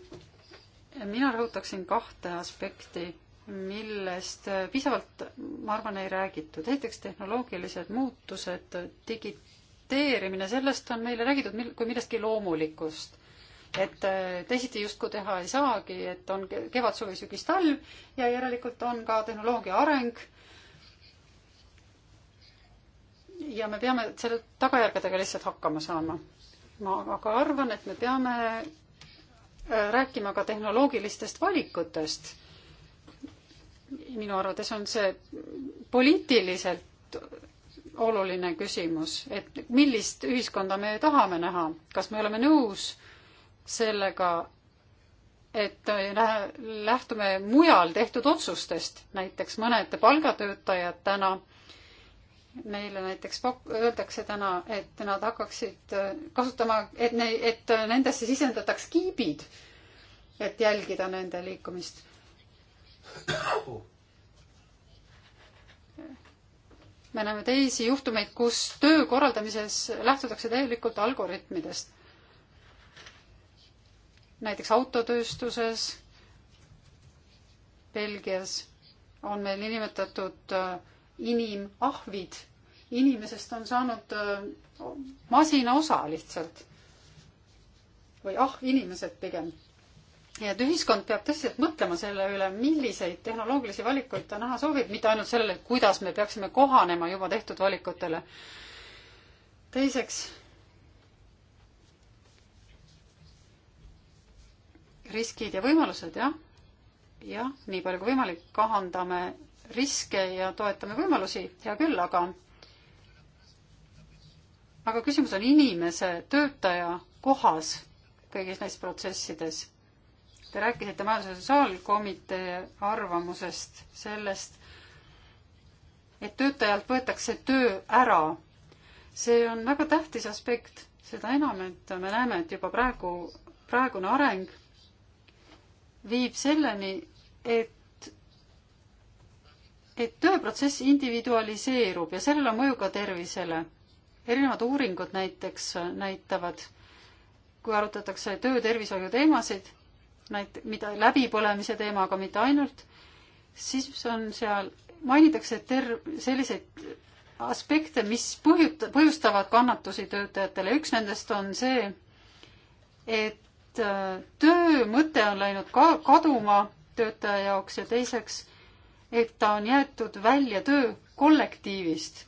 mina rõhutaksin kahte aspekti, millest piisavalt, ma arvan, ei räägitud. näiteks tehnoloogilised muutused, digi-, adapteerimine, sellest on meile räägitud kui millestki loomulikust. et äh, teisiti justkui teha ei saagi, et on kevad, suvi, sügis, talv ja järelikult on ka tehnoloogia areng. ja me peame selle tagajärgedega lihtsalt hakkama saama. ma aga arvan, et me peame äh, rääkima ka tehnoloogilistest valikutest. minu arvates on see poliitiliselt oluline küsimus, et millist ühiskonda me tahame näha, kas me oleme nõus sellega, et lähtume mujal tehtud otsustest, näiteks mõned palgatöötajad täna, neile näiteks öeldakse täna, et nad hakkaksid äh, kasutama, et ne-, et nendesse sisendataks kiibid, et jälgida nende liikumist. <coughs> me näeme teisi juhtumeid, kus töö korraldamises lähtutakse täielikult algoritmidest. näiteks autotööstuses Belgias on meil niinimetatud äh, inimahvid, inimesest on saanud äh, masina osa lihtsalt või ah-inimesed pigem nii et ühiskond peab tõsiselt mõtlema selle üle, milliseid tehnoloogilisi valikuid ta näha soovib, mitte ainult sellele, kuidas me peaksime kohanema juba tehtud valikutele. teiseks, riskid ja võimalused, jah. jah, nii palju kui võimalik, kahandame riske ja toetame võimalusi, hea küll, aga aga küsimus on inimese, töötaja kohas kõigis neis protsessides Te rääkisite Majandus- ja Sotsiaalkomitee arvamusest, sellest, et töötajalt võetakse töö ära. see on väga tähtis aspekt, seda enam, et me näeme, et juba praegu, praegune areng viib selleni, et, et tööprotsess individualiseerub ja sellel on mõju ka tervisele. erinevad uuringud näiteks näitavad, kui arutatakse töötervishoiu teemasid näit-, mida läbipõlemise teema, aga mitte ainult, siis on seal, mainitakse terv-, selliseid aspekte, mis põhjuta-, põhjustavad kannatusi töötajatele, üks nendest on see, et äh, töö mõte on läinud ka kaduma töötaja jaoks ja teiseks, et ta on jäetud välja töö kollektiivist.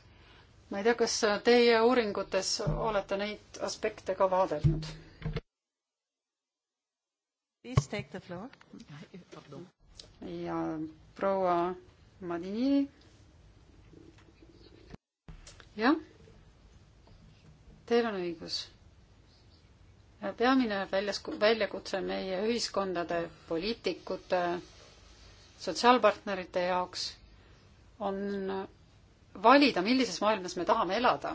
ma ei tea, kas teie uuringutes olete neid aspekte ka vaadelnud? Please take the floor. ja proua Madini. jah, teil on õigus. peamine väljas, väljakutse meie ühiskondade, poliitikute, sotsiaalpartnerite jaoks on valida, millises maailmas me tahame elada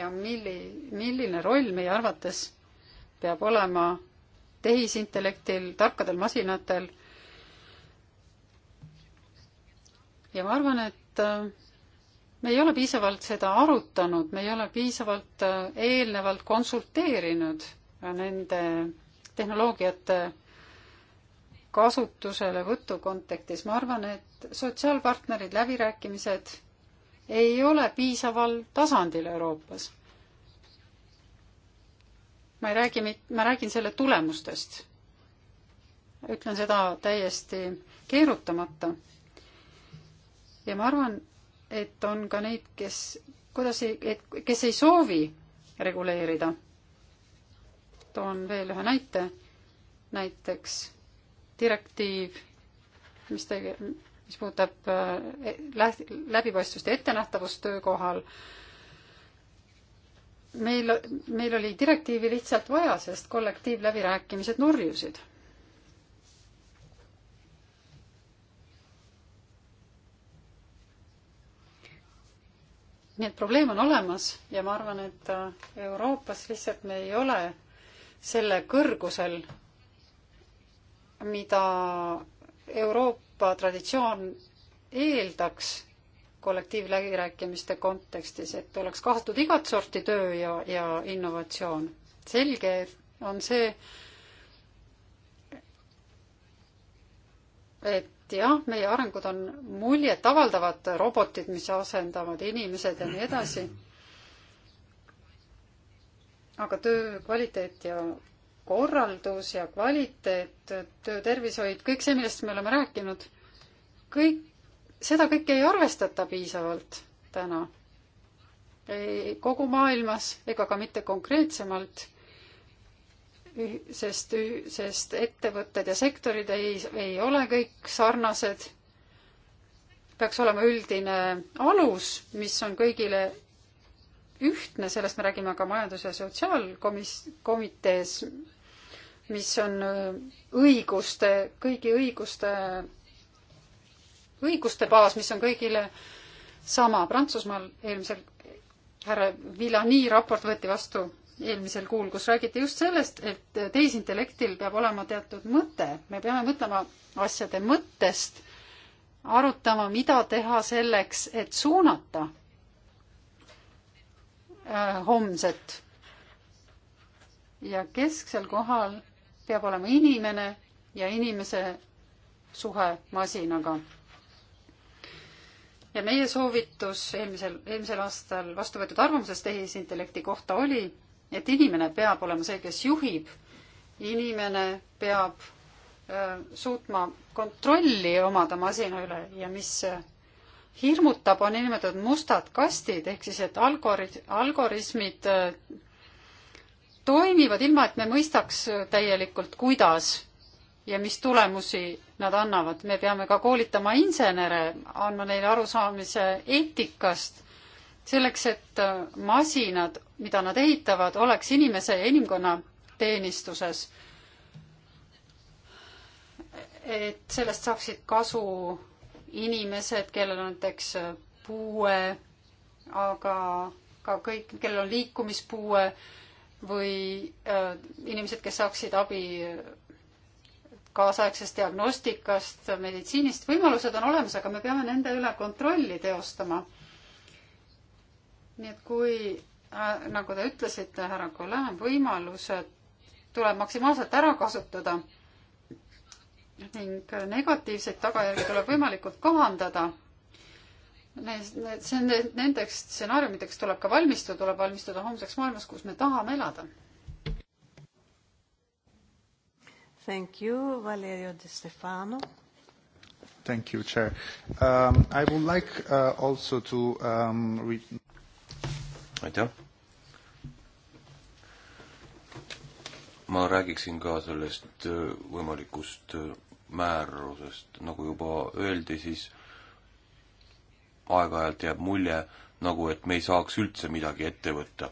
ja milli, milline roll meie arvates peab olema tehisintellektil, tarkadel masinatel. ja ma arvan, et äh, me ei ole piisavalt seda arutanud, me ei ole piisavalt äh, eelnevalt konsulteerinud äh, nende tehnoloogiate kasutuselevõtu kontekstis. ma arvan, et sotsiaalpartnerid, läbirääkimised ei ole piisaval tasandil Euroopas ma ei räägi, ma räägin selle tulemustest. ütlen seda täiesti keerutamata. ja ma arvan, et on ka neid, kes, kuidas ei, et kes ei soovi reguleerida. toon veel ühe näite, näiteks direktiiv, mis tege-, mis puudutab äh, läbipaistvust ja ettenähtavust töökohal äh,, meil, meil oli direktiivi lihtsalt vaja, sest kollektiivläbirääkimised nurjusid. nii et probleem on olemas ja ma arvan, et äh, Euroopas lihtsalt me ei ole selle kõrgusel, mida Euroopa traditsioon eeldaks kollektiivläbirääkimiste kontekstis, et oleks kaetud igat sorti töö ja, ja innovatsioon. selge on see, et jah, meie arengud on muljetavaldavad, robotid, mis asendavad inimesed ja nii edasi. aga töö kvaliteet ja korraldus ja kvaliteet, töötervishoid, kõik see, millest me oleme rääkinud, kõik seda kõike ei arvestata piisavalt täna. ei kogu maailmas ega ka mitte konkreetsemalt, sest, sest ettevõtted ja sektorid ei, ei ole kõik sarnased. peaks olema üldine alus, mis on kõigile ühtne, sellest me räägime ka Majandus- ja Sotsiaalkomis-, komitees, mis on õiguste, kõigi õiguste õiguste baas, mis on kõigile sama. Prantsusmaal eelmisel härra Villani raport võeti vastu eelmisel kuul, kus räägiti just sellest, et tehisintellektil peab olema teatud mõte. me peame mõtlema asjade mõttest, arutama, mida teha selleks, et suunata äh, homset. ja kesksel kohal peab olema inimene ja inimese suhe masinaga ja meie soovitus eelmisel, eelmisel aastal vastu võetud arvamuses tehisintellekti kohta oli, et inimene peab olema see, kes juhib, inimene peab öö, äh, suutma kontrolli omada masina üle ja mis äh, hirmutab, on niinimetatud mustad kastid, ehk siis et algorit-, algoritmid öö, äh, toimivad ilma, et me mõistaks täielikult, kuidas ja mis tulemusi nad annavad. me peame ka koolitama insenere, andma neile arusaamise eetikast, selleks et äh, masinad, mida nad ehitavad, oleks inimese ja inimkonna teenistuses. et sellest saaksid kasu inimesed, kellel on näiteks äh, puue, aga ka kõik, kellel on liikumispuue või äh, inimesed, kes saaksid abi äh, kaasaegsest diagnostikast, meditsiinist, võimalused on olemas, aga me peame nende üle kontrolli teostama. nii et kui äh,, nagu te ütlesite, härra Kolem, võimalused tuleb maksimaalselt ära kasutada ning negatiivseid tagajärgi tuleb võimalikult kahandada. Nendeks stsenaariumideks tuleb ka valmistuda, tuleb valmistuda homseks maailmas, kus me tahame elada Thank you. Valerio De Stefano. Thank you, Chair. Um, I would like uh, also to um, read... Aitäh! Ma räägiksin ka sellest äh, võimalikust äh, määrusest. Nagu juba öeldi, siis aeg-ajalt jääb mulje, nagu et me ei saaks üldse midagi ette võtta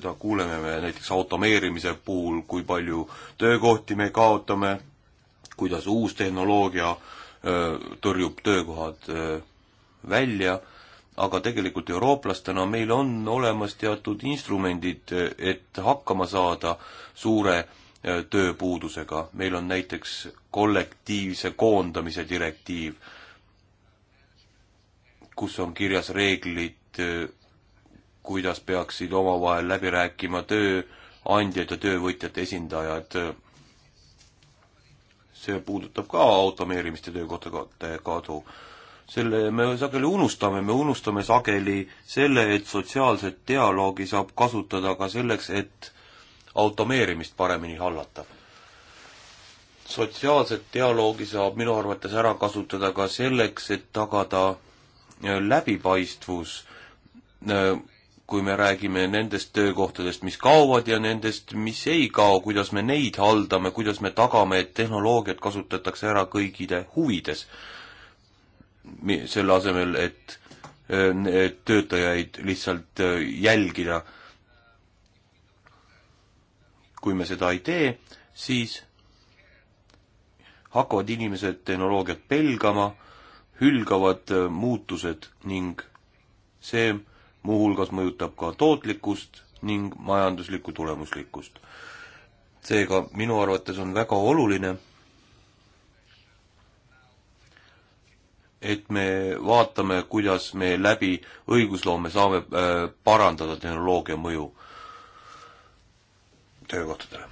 seda kuuleme me näiteks automeerimise puhul, kui palju töökohti me kaotame, kuidas uus tehnoloogia tõrjub töökohad välja, aga tegelikult eurooplastena meil on olemas teatud instrumendid, et hakkama saada suure tööpuudusega, meil on näiteks kollektiivse koondamise direktiiv, kus on kirjas reeglid kuidas peaksid omavahel läbi rääkima tööandjad ja töövõtjate esindajad. see puudutab ka automeerimist ja töökohtade kadu. selle me sageli unustame, me unustame sageli selle, et sotsiaalset dialoogi saab kasutada ka selleks, et automeerimist paremini hallata. sotsiaalset dialoogi saab minu arvates ära kasutada ka selleks, et tagada läbipaistvus kui me räägime nendest töökohtadest, mis kaovad ja nendest, mis ei kao, kuidas me neid haldame, kuidas me tagame, et tehnoloogiat kasutatakse ära kõigide huvides. selle asemel, et äh, töötajaid lihtsalt äh, jälgida. kui me seda ei tee, siis hakkavad inimesed tehnoloogiat pelgama, hülgavad äh, muutused ning see muuhulgas mõjutab ka tootlikkust ning majanduslikku tulemuslikkust. seega minu arvates on väga oluline, et me vaatame, kuidas me läbi õigusloome saame äh, parandada tehnoloogia mõju töökohtadele.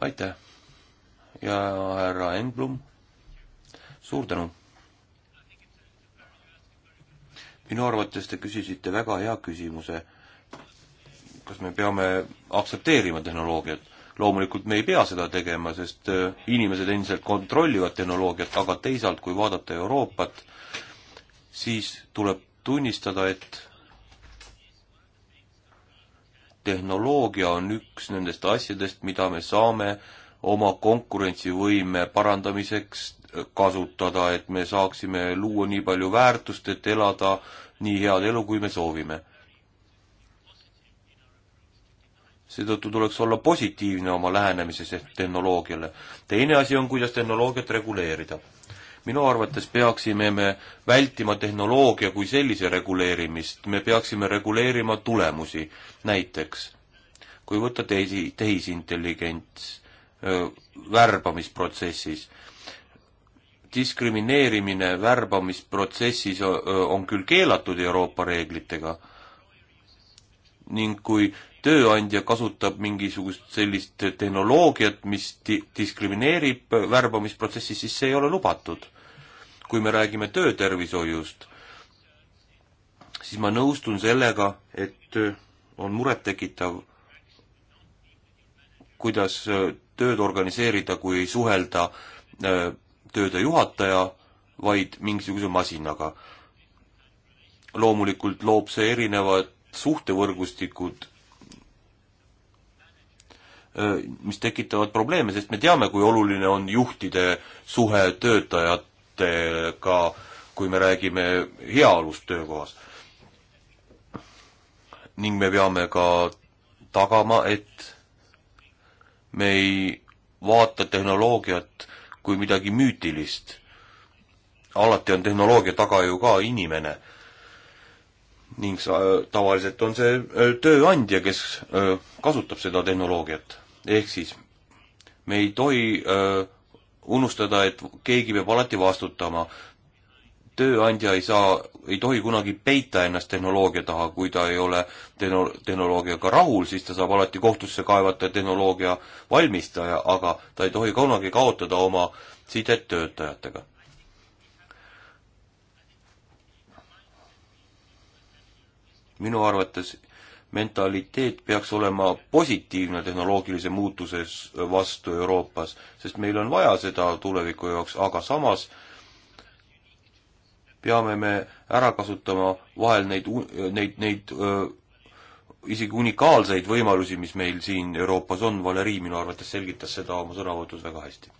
aitäh! ja härra Engblom, suur tänu! minu arvates te küsisite väga hea küsimuse. kas me peame aktsepteerima tehnoloogiat? loomulikult me ei pea seda tegema, sest äh, inimesed endiselt kontrollivad tehnoloogiat, aga teisalt, kui vaadata Euroopat, siis tuleb tunnistada, et tehnoloogia on üks nendest asjadest, mida me saame oma konkurentsivõime parandamiseks kasutada, et me saaksime luua nii palju väärtust, et elada nii head elu, kui me soovime. seetõttu tuleks olla positiivne oma lähenemises ehk tehnoloogiale. teine asi on, kuidas tehnoloogiat reguleerida. minu arvates peaksime me vältima tehnoloogia kui sellise reguleerimist, me peaksime reguleerima tulemusi, näiteks kui võtta teisi, tehisintelligents värbamisprotsessis, diskrimineerimine värbamisprotsessis on küll keelatud Euroopa reeglitega ning kui tööandja kasutab mingisugust sellist tehnoloogiat, mis di-, diskrimineerib värbamisprotsessis, siis see ei ole lubatud. kui me räägime töötervishoiust, siis ma nõustun sellega, et on murettekitav, kuidas tööd organiseerida, kui suhelda tööde juhataja, vaid mingisuguse masinaga. loomulikult loob see erinevad suhtevõrgustikud, mis tekitavad probleeme, sest me teame, kui oluline on juhtide suhe töötajatega, kui me räägime heaolust töökohas. ning me peame ka tagama, et me ei vaata tehnoloogiat kui midagi müütilist. alati on tehnoloogia taga ju ka inimene. ning sa, äh, tavaliselt on see äh, tööandja, kes äh, kasutab seda tehnoloogiat. ehk siis me ei tohi öö, unustada, et keegi peab alati vastutama tööandja ei saa, ei tohi kunagi peita ennast tehnoloogia taha, kui ta ei ole tehno-, tehnoloogiaga rahul, siis ta saab alati kohtusse kaevata tehnoloogia valmistaja, aga ta ei tohi kunagi kaotada oma sidet töötajatega. minu arvates mentaliteet peaks olema positiivne tehnoloogilise muutuses vastu Euroopas, sest meil on vaja seda tuleviku jaoks, aga samas äh, peame me ära kasutama vahel neid, neid, neid öö, isegi unikaalseid võimalusi, mis meil siin Euroopas on, Valeri minu arvates selgitas seda oma sõnavõtus väga hästi.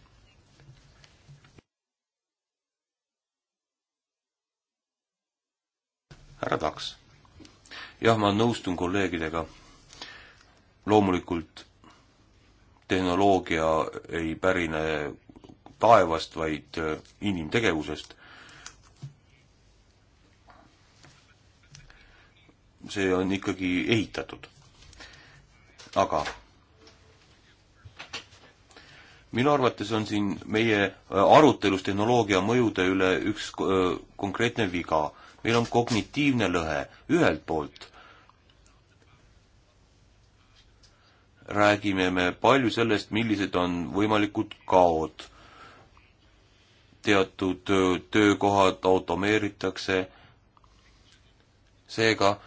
härra Taks. jah, ma nõustun kolleegidega. loomulikult tehnoloogia ei pärine taevast, vaid äh, inimtegevusest see on ikkagi ehitatud. aga minu arvates on siin meie äh, arutelus tehnoloogia mõjude üle üks äh, konkreetne viga. meil on kognitiivne lõhe ühelt poolt. räägime me palju sellest, millised on võimalikud kaod. teatud äh, töökohad automeeritakse, seega äh,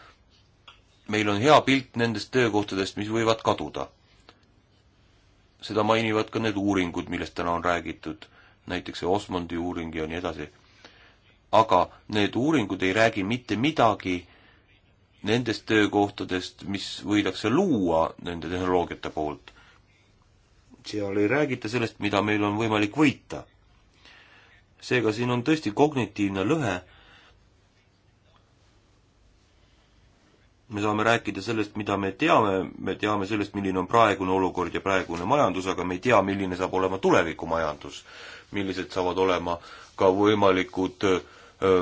meil on hea pilt nendest töökohtadest, mis võivad kaduda. seda mainivad ka need uuringud, millest täna on räägitud, näiteks see Osmondi uuring ja nii edasi. aga need uuringud ei räägi mitte midagi nendest töökohtadest, mis võidakse luua nende tehnoloogiate poolt. seal ei räägita sellest, mida meil on võimalik võita. seega siin on tõesti kognitiivne lõhe me saame rääkida sellest, mida me teame, me teame sellest, milline on praegune olukord ja praegune majandus, aga me ei tea, milline saab olema tulevikumajandus. millised saavad olema ka võimalikud öö,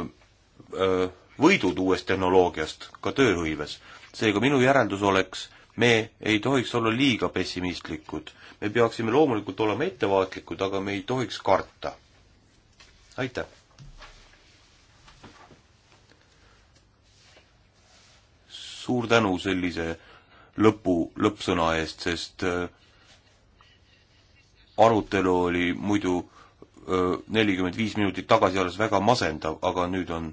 öö, võidud uuest tehnoloogiast, ka tööhõives. seega minu järeldus oleks, me ei tohiks olla liiga pessimistlikud. me peaksime loomulikult olema ettevaatlikud, aga me ei tohiks karta. aitäh! suur tänu sellise lõpu, lõppsõna eest, sest äh, arutelu oli muidu äh, nelikümmend viis minutit tagasi alles väga masendav, aga nüüd on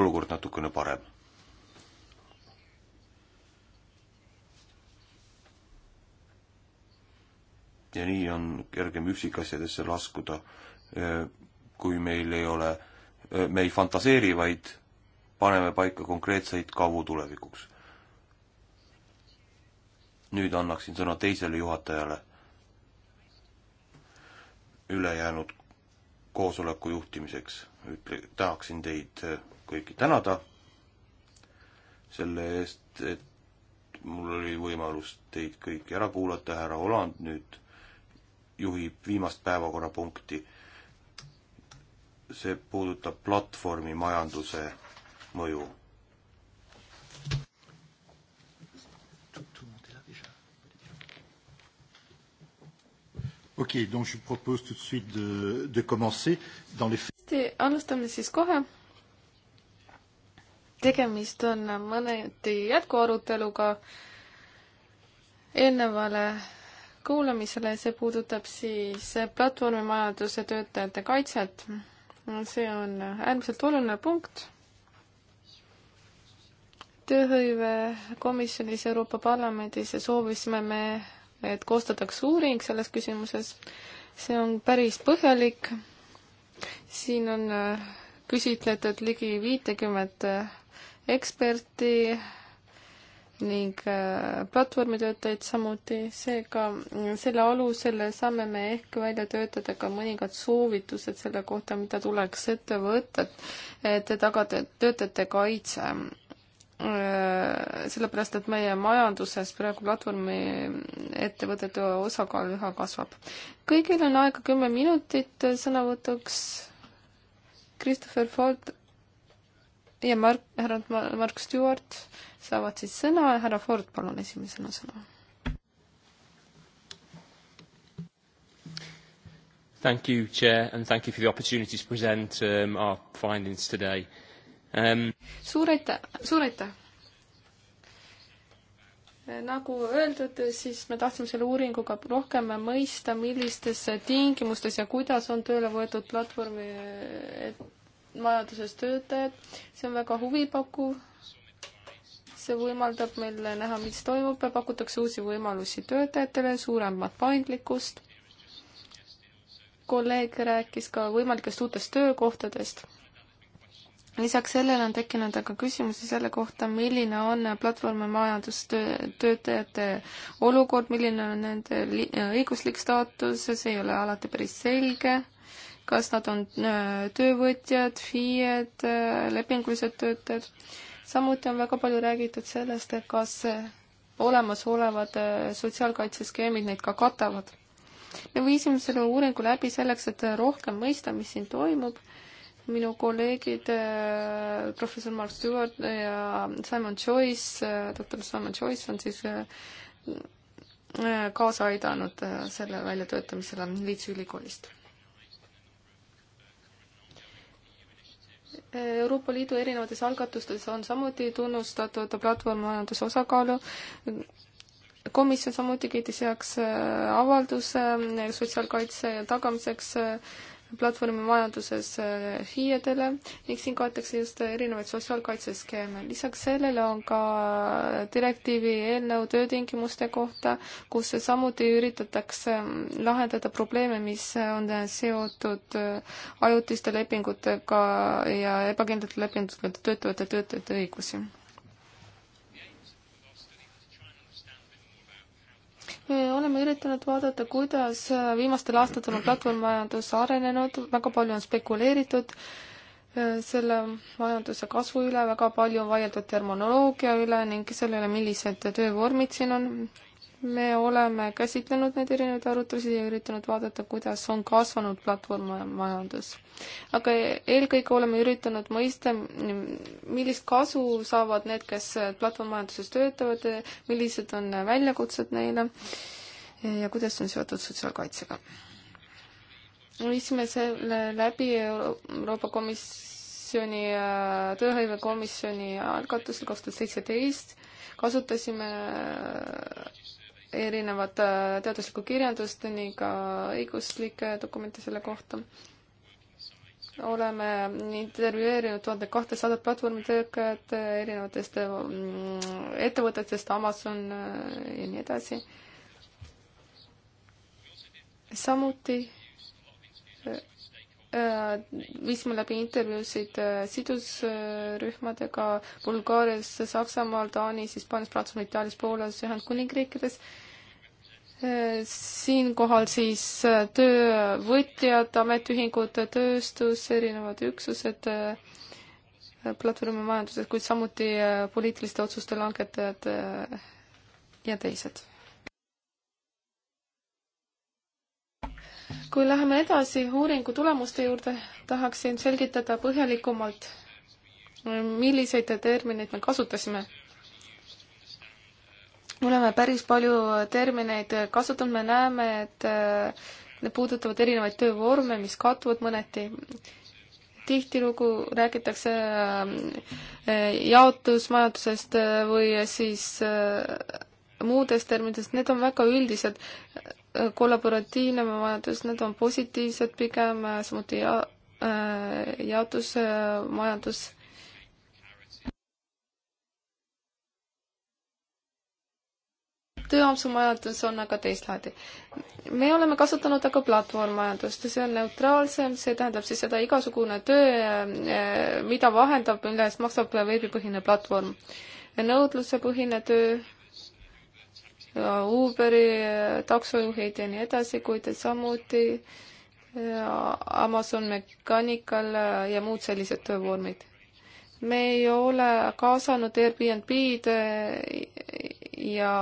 olukord natukene parem. ja nii on kergem üksikasjadesse laskuda, äh, kui meil ei ole, me ei fantaseeri, vaid paneme paika konkreetseid kavu tulevikuks nüüd annaksin sõna teisele juhatajale ülejäänud koosoleku juhtimiseks. ütle, tahaksin teid kõiki tänada selle eest, et mul oli võimalus teid kõiki ära kuulata, härra Oland nüüd juhib viimast päevakorrapunkti. see puudutab platvormimajanduse mõju okei okay,, donc je propose tout de suite de, de commencer dans les hästi, alustame siis kohe. tegemist on mõneti jätkuaruteluga eelnevale kuulamisele, see puudutab siis platvormimajanduse töötajate kaitset. see on äärmiselt oluline punkt. tööhõive komisjonis Euroopa Parlamendis soovisime me et koostataks uuring selles küsimuses. see on päris põhjalik. siin on äh, küsitletud ligi viitekümmet äh, eksperti ning äh, platvormitöötajaid samuti, seega mm, selle alusel saame me ehk välja töötada ka mõningad soovitused selle kohta, mida tuleks ette võtta, et tagada töötajate kaitse Äh, sellepärast, et meie majanduses praegu platvormi ettevõtete osakaal üha kasvab. kõigil on aega kümme minutit sõnavõtuks. Christopher Ford ja Mark, härra Mark Stewart saavad siis sõna ja härra Ford, palun esimesena sõna. Thank you, Chair, and thank you for the opportunity to present um, our findings today. Uh, ähm.... suur aitäh, suur aitäh! Äh, nagu öeldud, siis me tahtsime selle uuringuga rohkem mõista, millistes tingimustes ja kuidas on tööle võetud platvormi äh, majanduses töötajad. see on väga huvipakkuv. see võimaldab meil näha, mis toimub ja pakutakse uusi võimalusi töötajatele, suuremat paindlikkust. kolleeg rääkis ka võimalikest uutest töökohtadest lisaks sellele on tekkinud aga küsimusi selle kohta, milline on platvormimajandustöötajate olukord, milline on nende õiguslik staatus, see ei ole alati päris selge kas nad on äh, töövõtjad, FIE-d, äh, lepingulised töötajad. samuti on väga palju räägitud sellest, et kas äh, olemasolevad sotsiaalkaitseskeemid neid ka katavad. me viisime selle uuringu läbi selleks, et rohkem mõista, mis siin toimub minu kolleegid äh, professor Mark Stewart ja Simon Joyce, äh, doktor Simon Joyce on siis äh, kaasa aidanud selle väljatöötamisele Leedsi ülikoolist. Euroopa Liidu erinevates algatustes on samuti tunnustatud platvormmajanduse osakaalu komisjon samuti kiitis heaks avalduse sotsiaalkaitse tagamiseks platvormimajanduses eh, FIE-dele ning siin kaetakse just erinevaid sotsiaalkaitseskeeme. lisaks sellele on ka direktiivi eelnõu töötingimuste kohta, kus samuti üritatakse mm, lahendada probleeme, mis on seotud eh, ajutiste lepingutega ja ebakindlate lepingutega töötavate töötajate õigusi oleme üritanud vaadata, kuidas viimastel aastatel on platvormmajandus arenenud, väga palju on spekuleeritud äh, selle majanduse kasvu üle, väga palju on vaieldud terminoloogia üle ning selle üle, millised töövormid siin on me oleme käsitlenud neid erinevaid arutlusi ja üritanud vaadata, kuidas on kasvanud platvormmajandus. aga eelkõige oleme üritanud mõista, millist kasu saavad need, kes platvormmajanduses töötavad, millised on väljakutsed neile ja kuidas on seotud sotsiaalkaitsega. viisime selle läbi Euroopa Komisjoni, tööhõivekomisjoni algatusel kaks tuhat seitseteist kasutasime erinevat äh, teaduslikku kirjandust ning ka õiguslikke dokumente selle kohta. oleme intervjueerinud tuhande kahtesadat platvormi töötajat erinevatest äh, mm, ettevõtetest, Amazon äh, ja nii edasi. samuti viisime läbi intervjuusid sidusrühmadega Bulgaarias, Saksamaal, Taanis, Hispaanias, Prantsusmaal, Itaalias, Poolas, Ühendkuningriikides siinkohal siis äh, töövõtjad, ametiühingud, tööstus, erinevad üksused, äh, platvormimajandused, kuid samuti äh, poliitiliste otsuste langetajad ja teised. kui läheme edasi uuringu tulemuste juurde, tahaksin selgitada põhjalikumalt, milliseid termineid me kasutasime me oleme päris palju termineid kasutanud, me näeme, et äh, need puudutavad erinevaid töövorme, mis kattuvad mõneti. tihtilugu räägitakse äh, äh, jaotusmajandusest või siis muudest terminitest, need on väga üldised. kollaboratiivne majandus, need on positiivsed pigem, samuti ja, jaotusmajandus tööampsumajandus on aga teist laadi. me oleme kasutanud aga platvormmajandust ja see on neutraalsem, see tähendab siis seda igasugune töö, eh, mida vahendab, mille eest maksab veebipõhine platvorm. nõudlusepõhine töö, Uberi taksojuhid ja nii edasi, kuid samuti eh, Amazon Mechanical eh, ja muud sellised töövormid me ei ole kaasanud Airbnb-d ja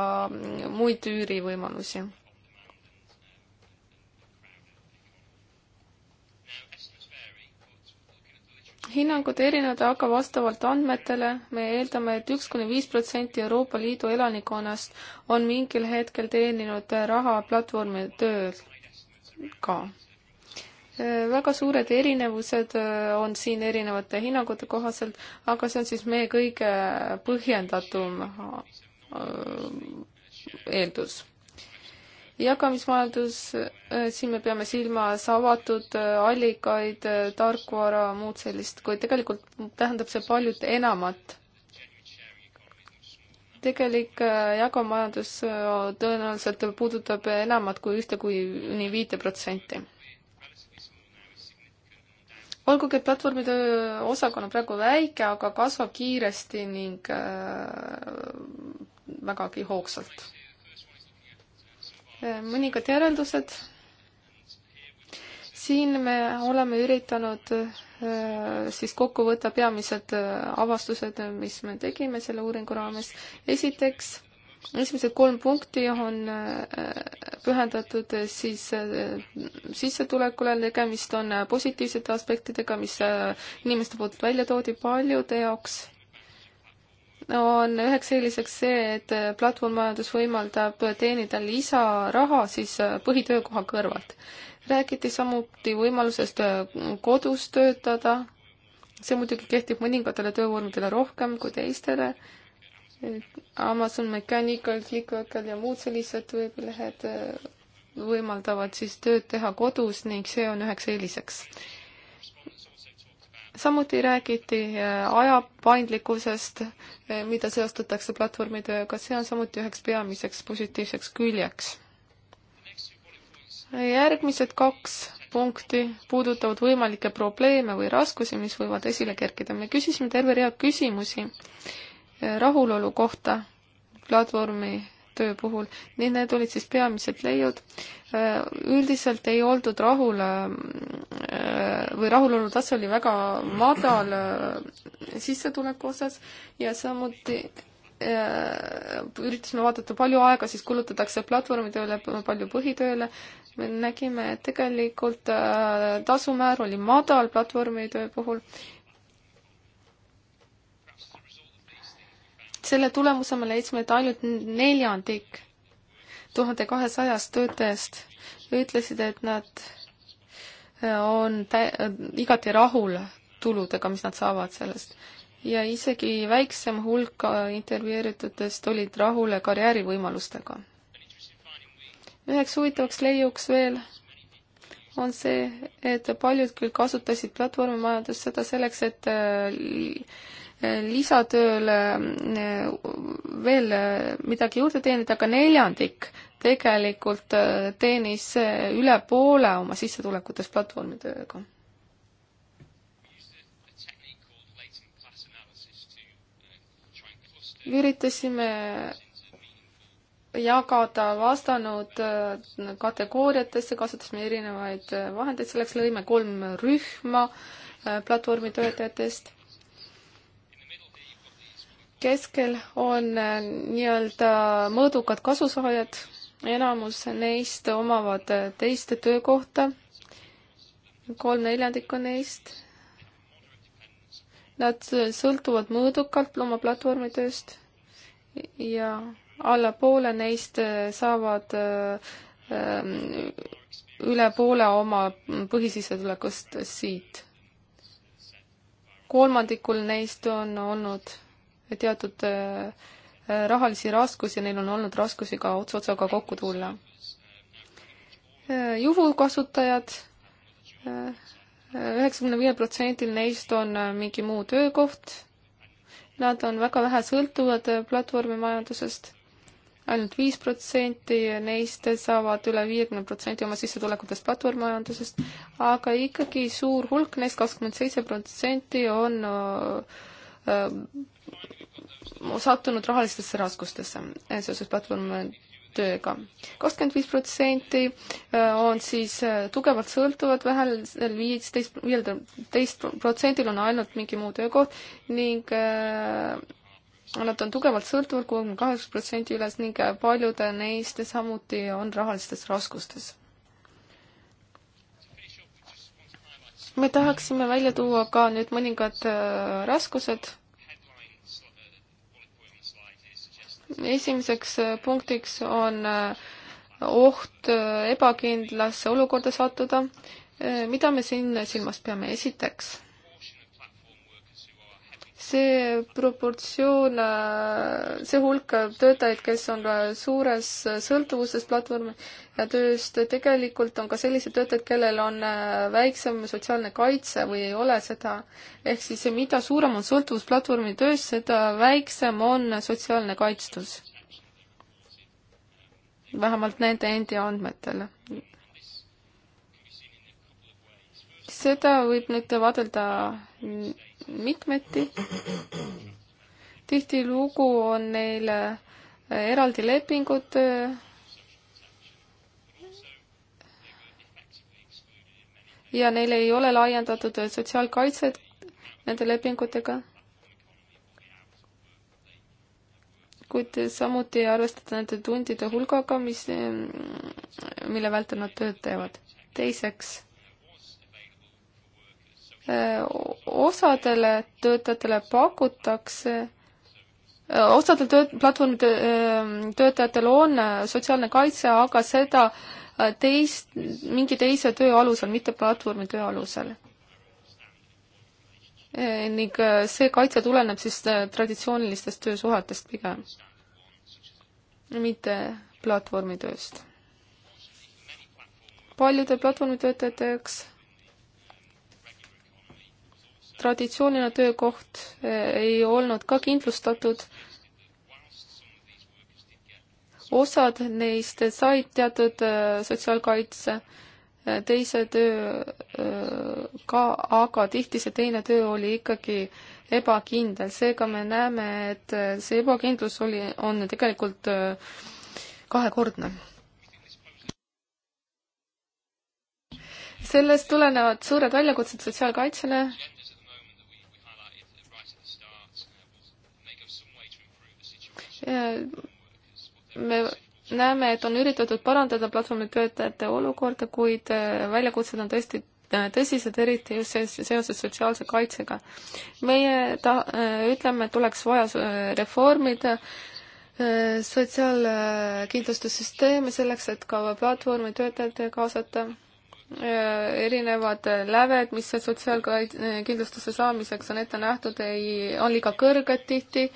muid üürivõimalusi. hinnangud erinevad aga vastavalt andmetele, me eeldame et, et üks kuni viis protsenti Euroopa Liidu elanikkonnast on mingil hetkel teeninud raha platvormi tööl ka väga suured erinevused äh, on siin erinevate hinnangute kohaselt, aga see on siis meie kõige põhjendatum Äh, eeldus. jagamismajandus, äh, siin me peame silmas avatud äh, allikaid, tarkvara, muud sellist, kuid tegelikult tähendab see paljut enamat tegelik jagamajandus tõenäoliselt puudutab enamat kui ühte kuni viite protsenti. olgugi, et platvormide osakaal on praegu väike, aga kasvab kiiresti ning vägagi hoogsalt. mõningad järeldused. siin me oleme üritanud äh, siis kokku võtta peamised äh, avastused, mis me tegime selle uuringu raames. esiteks, esimesed kolm punkti on äh, pühendatud siis sissetulekule, tegemist on positiivsete aspektidega, mis inimeste poolt välja toodi paljude jaoks on üheks eeliseks see, et platvormmajandus võimaldab teenida lisaraha siis äh, põhitöökoha kõrvalt. räägiti samuti võimalusest äh, kodus töötada, see muidugi kehtib mõningatele töövormidele rohkem kui teistele, Amazon Mechanical, ClickWorker ja muud sellised veebilehed äh, võimaldavad siis tööd teha kodus ning see on üheks eeliseks samuti räägiti äh, aja paindlikkusest, äh, mida seostatakse platvormitööga, see on samuti üheks peamiseks positiivseks küljeks. järgmised kaks punkti puudutavad võimalikke probleeme või raskusi, mis võivad esile kerkida. me küsisime terve rea küsimusi äh, rahulolu kohta platvormi töö puhul. nii need olid siis peamised leiud. Äh, üldiselt ei oldud rahul äh, äh, või rahulolu tase oli väga madal sissetuleku osas ja samuti üritasime vaadata, palju aega siis kulutatakse platvormitööle, palju põhitööle. me nägime, et tegelikult tasumäär oli madal platvormitöö puhul selle tulemuse me leidsime, et ainult neljandik tuhande kahesajast töötajast ütlesid, et nad äh, on tä-, igati rahul tuludega, mis nad saavad sellest. ja isegi väiksem hulk äh, intervjueeritutest olid rahule karjäärivõimalustega. üheks huvitavaks leiuks veel on see, et paljud küll kasutasid platvormimajandust seda selleks, et äh, lisatööle eh, veel eh, midagi juurde teenida, aga neljandik tegelikult eh, teenis üle poole oma sissetulekutest platvormitööga üritasime jagada vastanud kategooriatesse, kasutasime erinevaid vahendeid, selleks lõime kolm rühma platvormi töötajatest keskel on äh, nii-öelda mõõdukad kasusaajad, enamus neist omavad äh, teist töökohta, kolm neljandikku neist. Nad äh, sõltuvad mõõdukalt oma platvormitööst ja alla poole neist saavad üle poole oma põhisissetulekust siit. kolmandikul neist on olnud teatud äh, äh, rahalisi raskusi ja neil on olnud raskusi ka ots otsaga kokku tulla. Äh, juhukasutajad, üheksakümne viiel protsendil neist on mingi muu töökoht, nad on väga vähe sõltuvad platvormimajandusest, ainult viis protsenti neist saavad üle viiekümne protsendi oma sissetulekutest platvormmajandusest, aga ikkagi suur hulk neist, kakskümmend seitse protsenti on sattunud rahalistesse raskustesse eh, seoses platvormi tööga. kakskümmend viis protsenti eh, on siis eh, tugevalt sõltuvad, vähesel viisteist, viieteist protsendil on ainult mingi muu töökoht ning nad on tugevalt sõltuvad kuuekümne kaheksa protsendi üles ning paljud neist samuti on rahalistes raskustes. me tahaksime välja tuua ka nüüd mõningad raskused esimeseks äh, punktiks on äh, oht äh, ebakindlasse olukorda sattuda. mida me siin silmas peame? esiteks see proportsioon, see hulk töötajaid, kes on suures sõltuvuses platvormi ja tööst, tegelikult on ka selliseid töötajaid, kellel on väiksem sotsiaalne kaitse või ei ole seda. ehk siis mida suurem on sõltuvus platvormi tööst, seda väiksem on sotsiaalne kaitstus. vähemalt nende endi andmetel seda võib nüüd vaadelda mitmeti. tihtilugu on neil äh, eraldi lepingud. Äh, ja neil ei ole laiendatud sotsiaalkaitset nende lepingutega. kuid samuti arvestada nende tundide hulgaga, mis, äh, mille vältel nad tööd teevad. teiseks Äh, osadele töötajatele pakutakse, äh, osadel töö-, platvormi äh, töötajatel on sotsiaalne kaitse, aga seda teist, mingi teise töö alusel, mitte platvormi töö alusel. ning see kaitse tuleneb siis traditsioonilistest töösuhetest pigem, mitte platvormi tööst. paljude platvormi töötajate jaoks traditsiooniline töökoht eh, ei olnud ka kindlustatud. osad neist said teatud eh, sotsiaalkaitse, eh, teise töö ka, aga tihti see teine töö oli ikkagi ebakindel, seega me näeme, et see ebakindlus oli, on tegelikult kahekordne sellest tulenevad suured väljakutsed sotsiaalkaitsele me näeme, et on üritatud parandada platvormi töötajate olukorda, kuid äh, väljakutsed on tõesti äh, tõsised, eriti just seoses sotsiaalse kaitsega. meie ta-, äh, ütleme, et oleks vaja reformida sotsiaalkindlustussüsteeme selleks, et ka platvormi töötajate kaasata, erinevad läved, mis sotsiaalkindlustuse saamiseks on ette nähtud, ei, on liiga kõrged tihti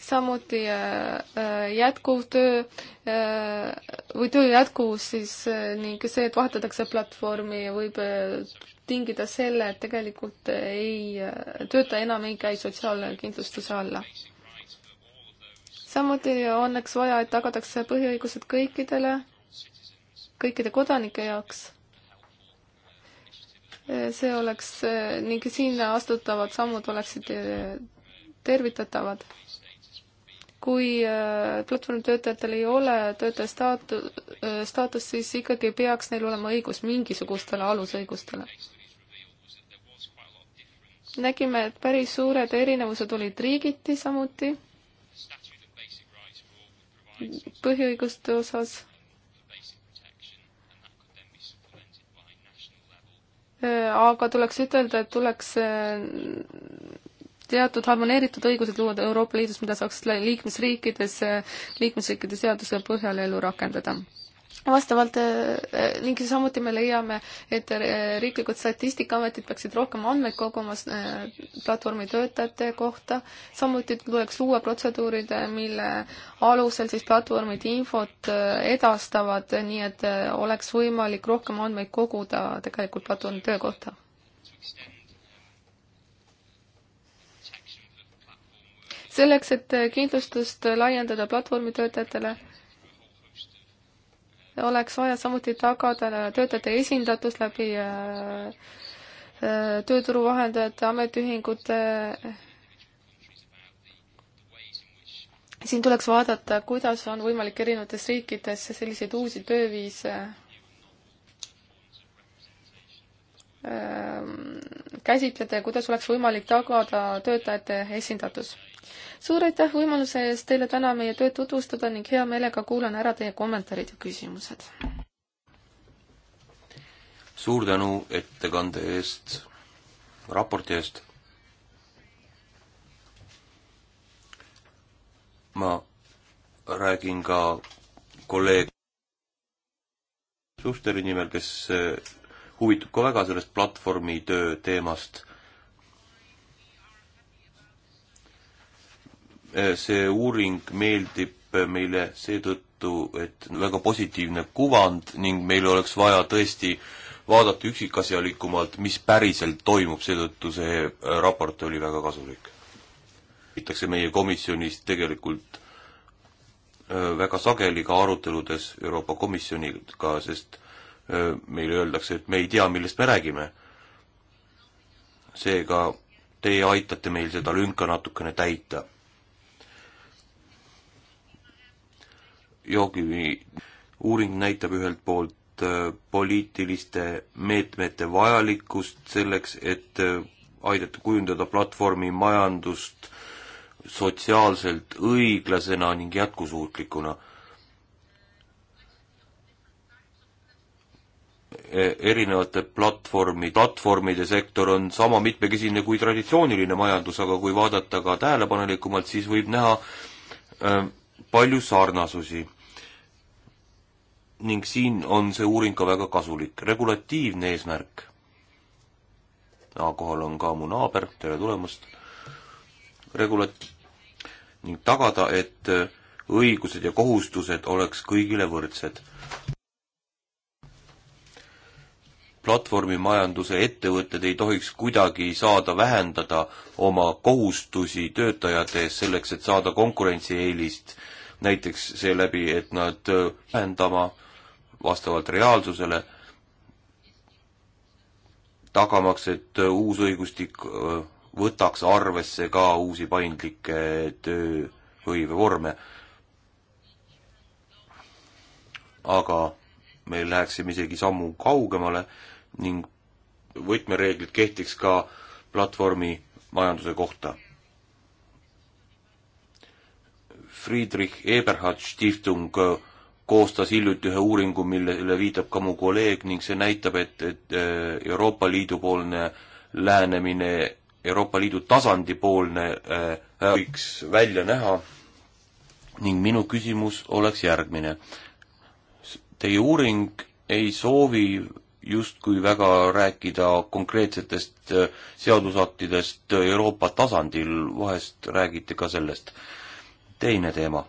samuti äh, äh, jätkuv töö äh, või töö jätkuvus siis ning see, et vahetatakse platvormi, võib tingida selle, et tegelikult ei, töötaja enam ei käi sotsiaalkindlustuse alla. samuti on eks vaja, et tagatakse põhiõigused kõikidele, kõikide kodanike jaoks see oleks ning siin astutavad sammud oleksid tervitatavad kui äh, platvormi töötajatel ei ole töötaja staatu-, äh, staatust, siis ikkagi peaks neil olema õigus mingisugustele alusõigustele. nägime, et päris suured erinevused olid riigiti samuti, põhiõiguste osas äh, aga tuleks ütelda, et tuleks teatud harmoneeritud õigused luua Euroopa Liidus, mida saaks liikmesriikides, liikmesriikide seaduse põhjal ellu rakendada vastavalt äh, äh, ning samuti me leiame, et äh, riiklikud statistikaametid peaksid rohkem andmeid koguma platvormi töötajate kohta, samuti tuleks luua protseduurid, mille alusel siis platvormid infot edastavad, nii et oleks võimalik rohkem andmeid koguda tegelikult platvormi töö kohta selleks, et kindlustust laiendada platvormitöötajatele, oleks vaja samuti tagada töötajate esindatus läbi äh, äh, tööturu vahendajate, ametiühingute. siin tuleks vaadata, kuidas on võimalik erinevates riikides selliseid uusi tööviise ähm, käsitleda ja kuidas oleks võimalik tagada töötajate esindatus suur aitäh võimaluse eest teile täna meie tööd tutvustada ning hea meelega kuulan ära teie kommentaarid ja küsimused. suur tänu ettekande eest, raporti eest. ma räägin ka kolleeg Susteri nimel, kes eh, huvitub ka väga sellest platvormitöö teemast Eh, see uuring meeldib eh, meile seetõttu, et väga positiivne kuvand ning meil oleks vaja tõesti vaadata üksikasjalikumalt, mis päriselt toimub, seetõttu see eh, raport oli väga kasulik. küsitakse meie komisjonis tegelikult väga sageli ka aruteludes Euroopa Komisjoniga, sest meile öeldakse, et me ei tea, millest me räägime. seega teie aitate meil seda lünka natukene täita Joogivi uuring näitab ühelt poolt äh, poliitiliste meetmete vajalikkust selleks, et äh, aidata kujundada platvormi majandust sotsiaalselt õiglasena ning jätkusuutlikuna. E, erinevate platvormi, platvormide sektor on sama mitmekesine kui traditsiooniline majandus, aga kui vaadata ka tähelepanelikumalt, siis võib näha äh, palju sarnasusi. ning siin on see uuring ka väga kasulik. regulatiivne eesmärk. kohal on ka mu naaber, tere tulemast. Regulat- ning tagada, et õigused ja kohustused oleks kõigile võrdsed platvormimajanduse ettevõtted ei tohiks kuidagi saada vähendada oma kohustusi töötajate ees selleks, et saada konkurentsieelist, näiteks seeläbi, et nad äh, vähendama vastavalt reaalsusele, tagamaks, et äh, uus õigustik äh, võtaks arvesse ka uusi paindlikke tööhõivevorme. aga me läheksime isegi sammu kaugemale ning võtmereeglid kehtiks ka platvormi majanduse kohta. Friedrich Eberhard Stiftung koostas hiljuti ühe uuringu, millele viitab ka mu kolleeg ning see näitab, et, et Euroopa Liidu poolne lähenemine, Euroopa Liidu tasandi poolne äh, võiks äh, välja näha ning minu küsimus oleks järgmine. Teie uuring ei soovi justkui väga rääkida konkreetsetest äh, seadusaktidest äh, Euroopa tasandil, vahest räägite ka sellest. teine teema.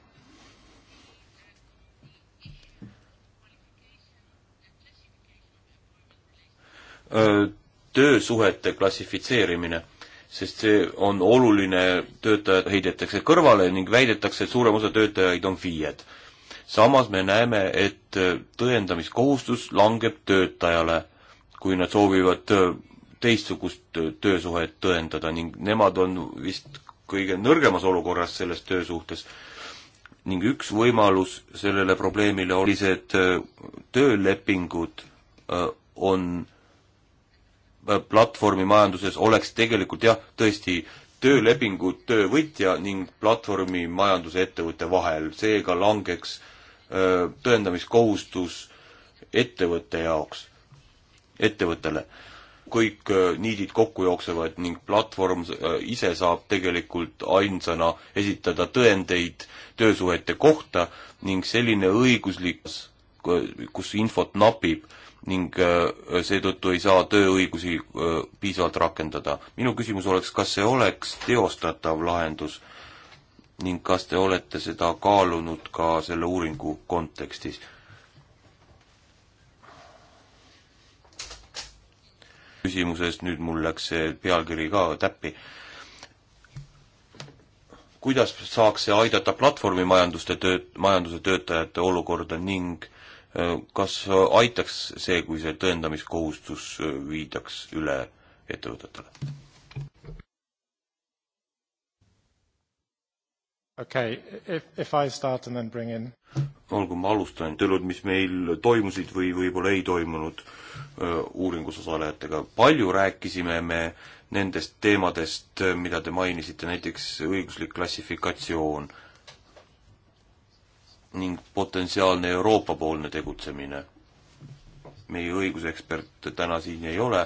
Äh, töösuhete klassifitseerimine, sest see on oluline, töötajad heidetakse kõrvale ning väidetakse, et suurem osa töötajaid on FIE-d samas me näeme, et äh, tõendamiskohustus langeb töötajale, kui nad soovivad äh, teistsugust äh, töösuhet tõendada ning nemad on vist kõige nõrgemas olukorras selles töösuhtes. ning üks võimalus sellele probleemile oli see, et töölepingud on platvormimajanduses oleks tegelikult jah, tõesti töölepingud töövõtja ning platvormimajanduse ettevõtte vahel, seega langeks tõendamiskohustus ettevõtte jaoks, ettevõttele. kõik niidid kokku jooksevad ning platvorm ise saab tegelikult ainsana esitada tõendeid töösuhete kohta ning selline õiguslik, kus infot napib ning seetõttu ei saa tööõigusi piisavalt rakendada. minu küsimus oleks, kas see oleks teostatav lahendus ning kas te olete seda kaalunud ka selle uuringu kontekstis? küsimuses, nüüd mul läks see pealkiri ka täppi. kuidas saaks see aidata platvormimajanduste tööt-, majanduse töötajate olukorda ning äh, kas aitaks see, kui see tõendamiskohustus äh, viidaks üle ettevõtetele? okei okay,, if, if I start and then bring in. olgu, ma alustan tööd, mis meil toimusid või võib-olla ei toimunud äh, uuringus osalejatega. palju rääkisime me nendest teemadest, äh, mida te mainisite, näiteks õiguslik klassifikatsioon ning potentsiaalne Euroopa-poolne tegutsemine. meie õigusekspert täna siin ei ole,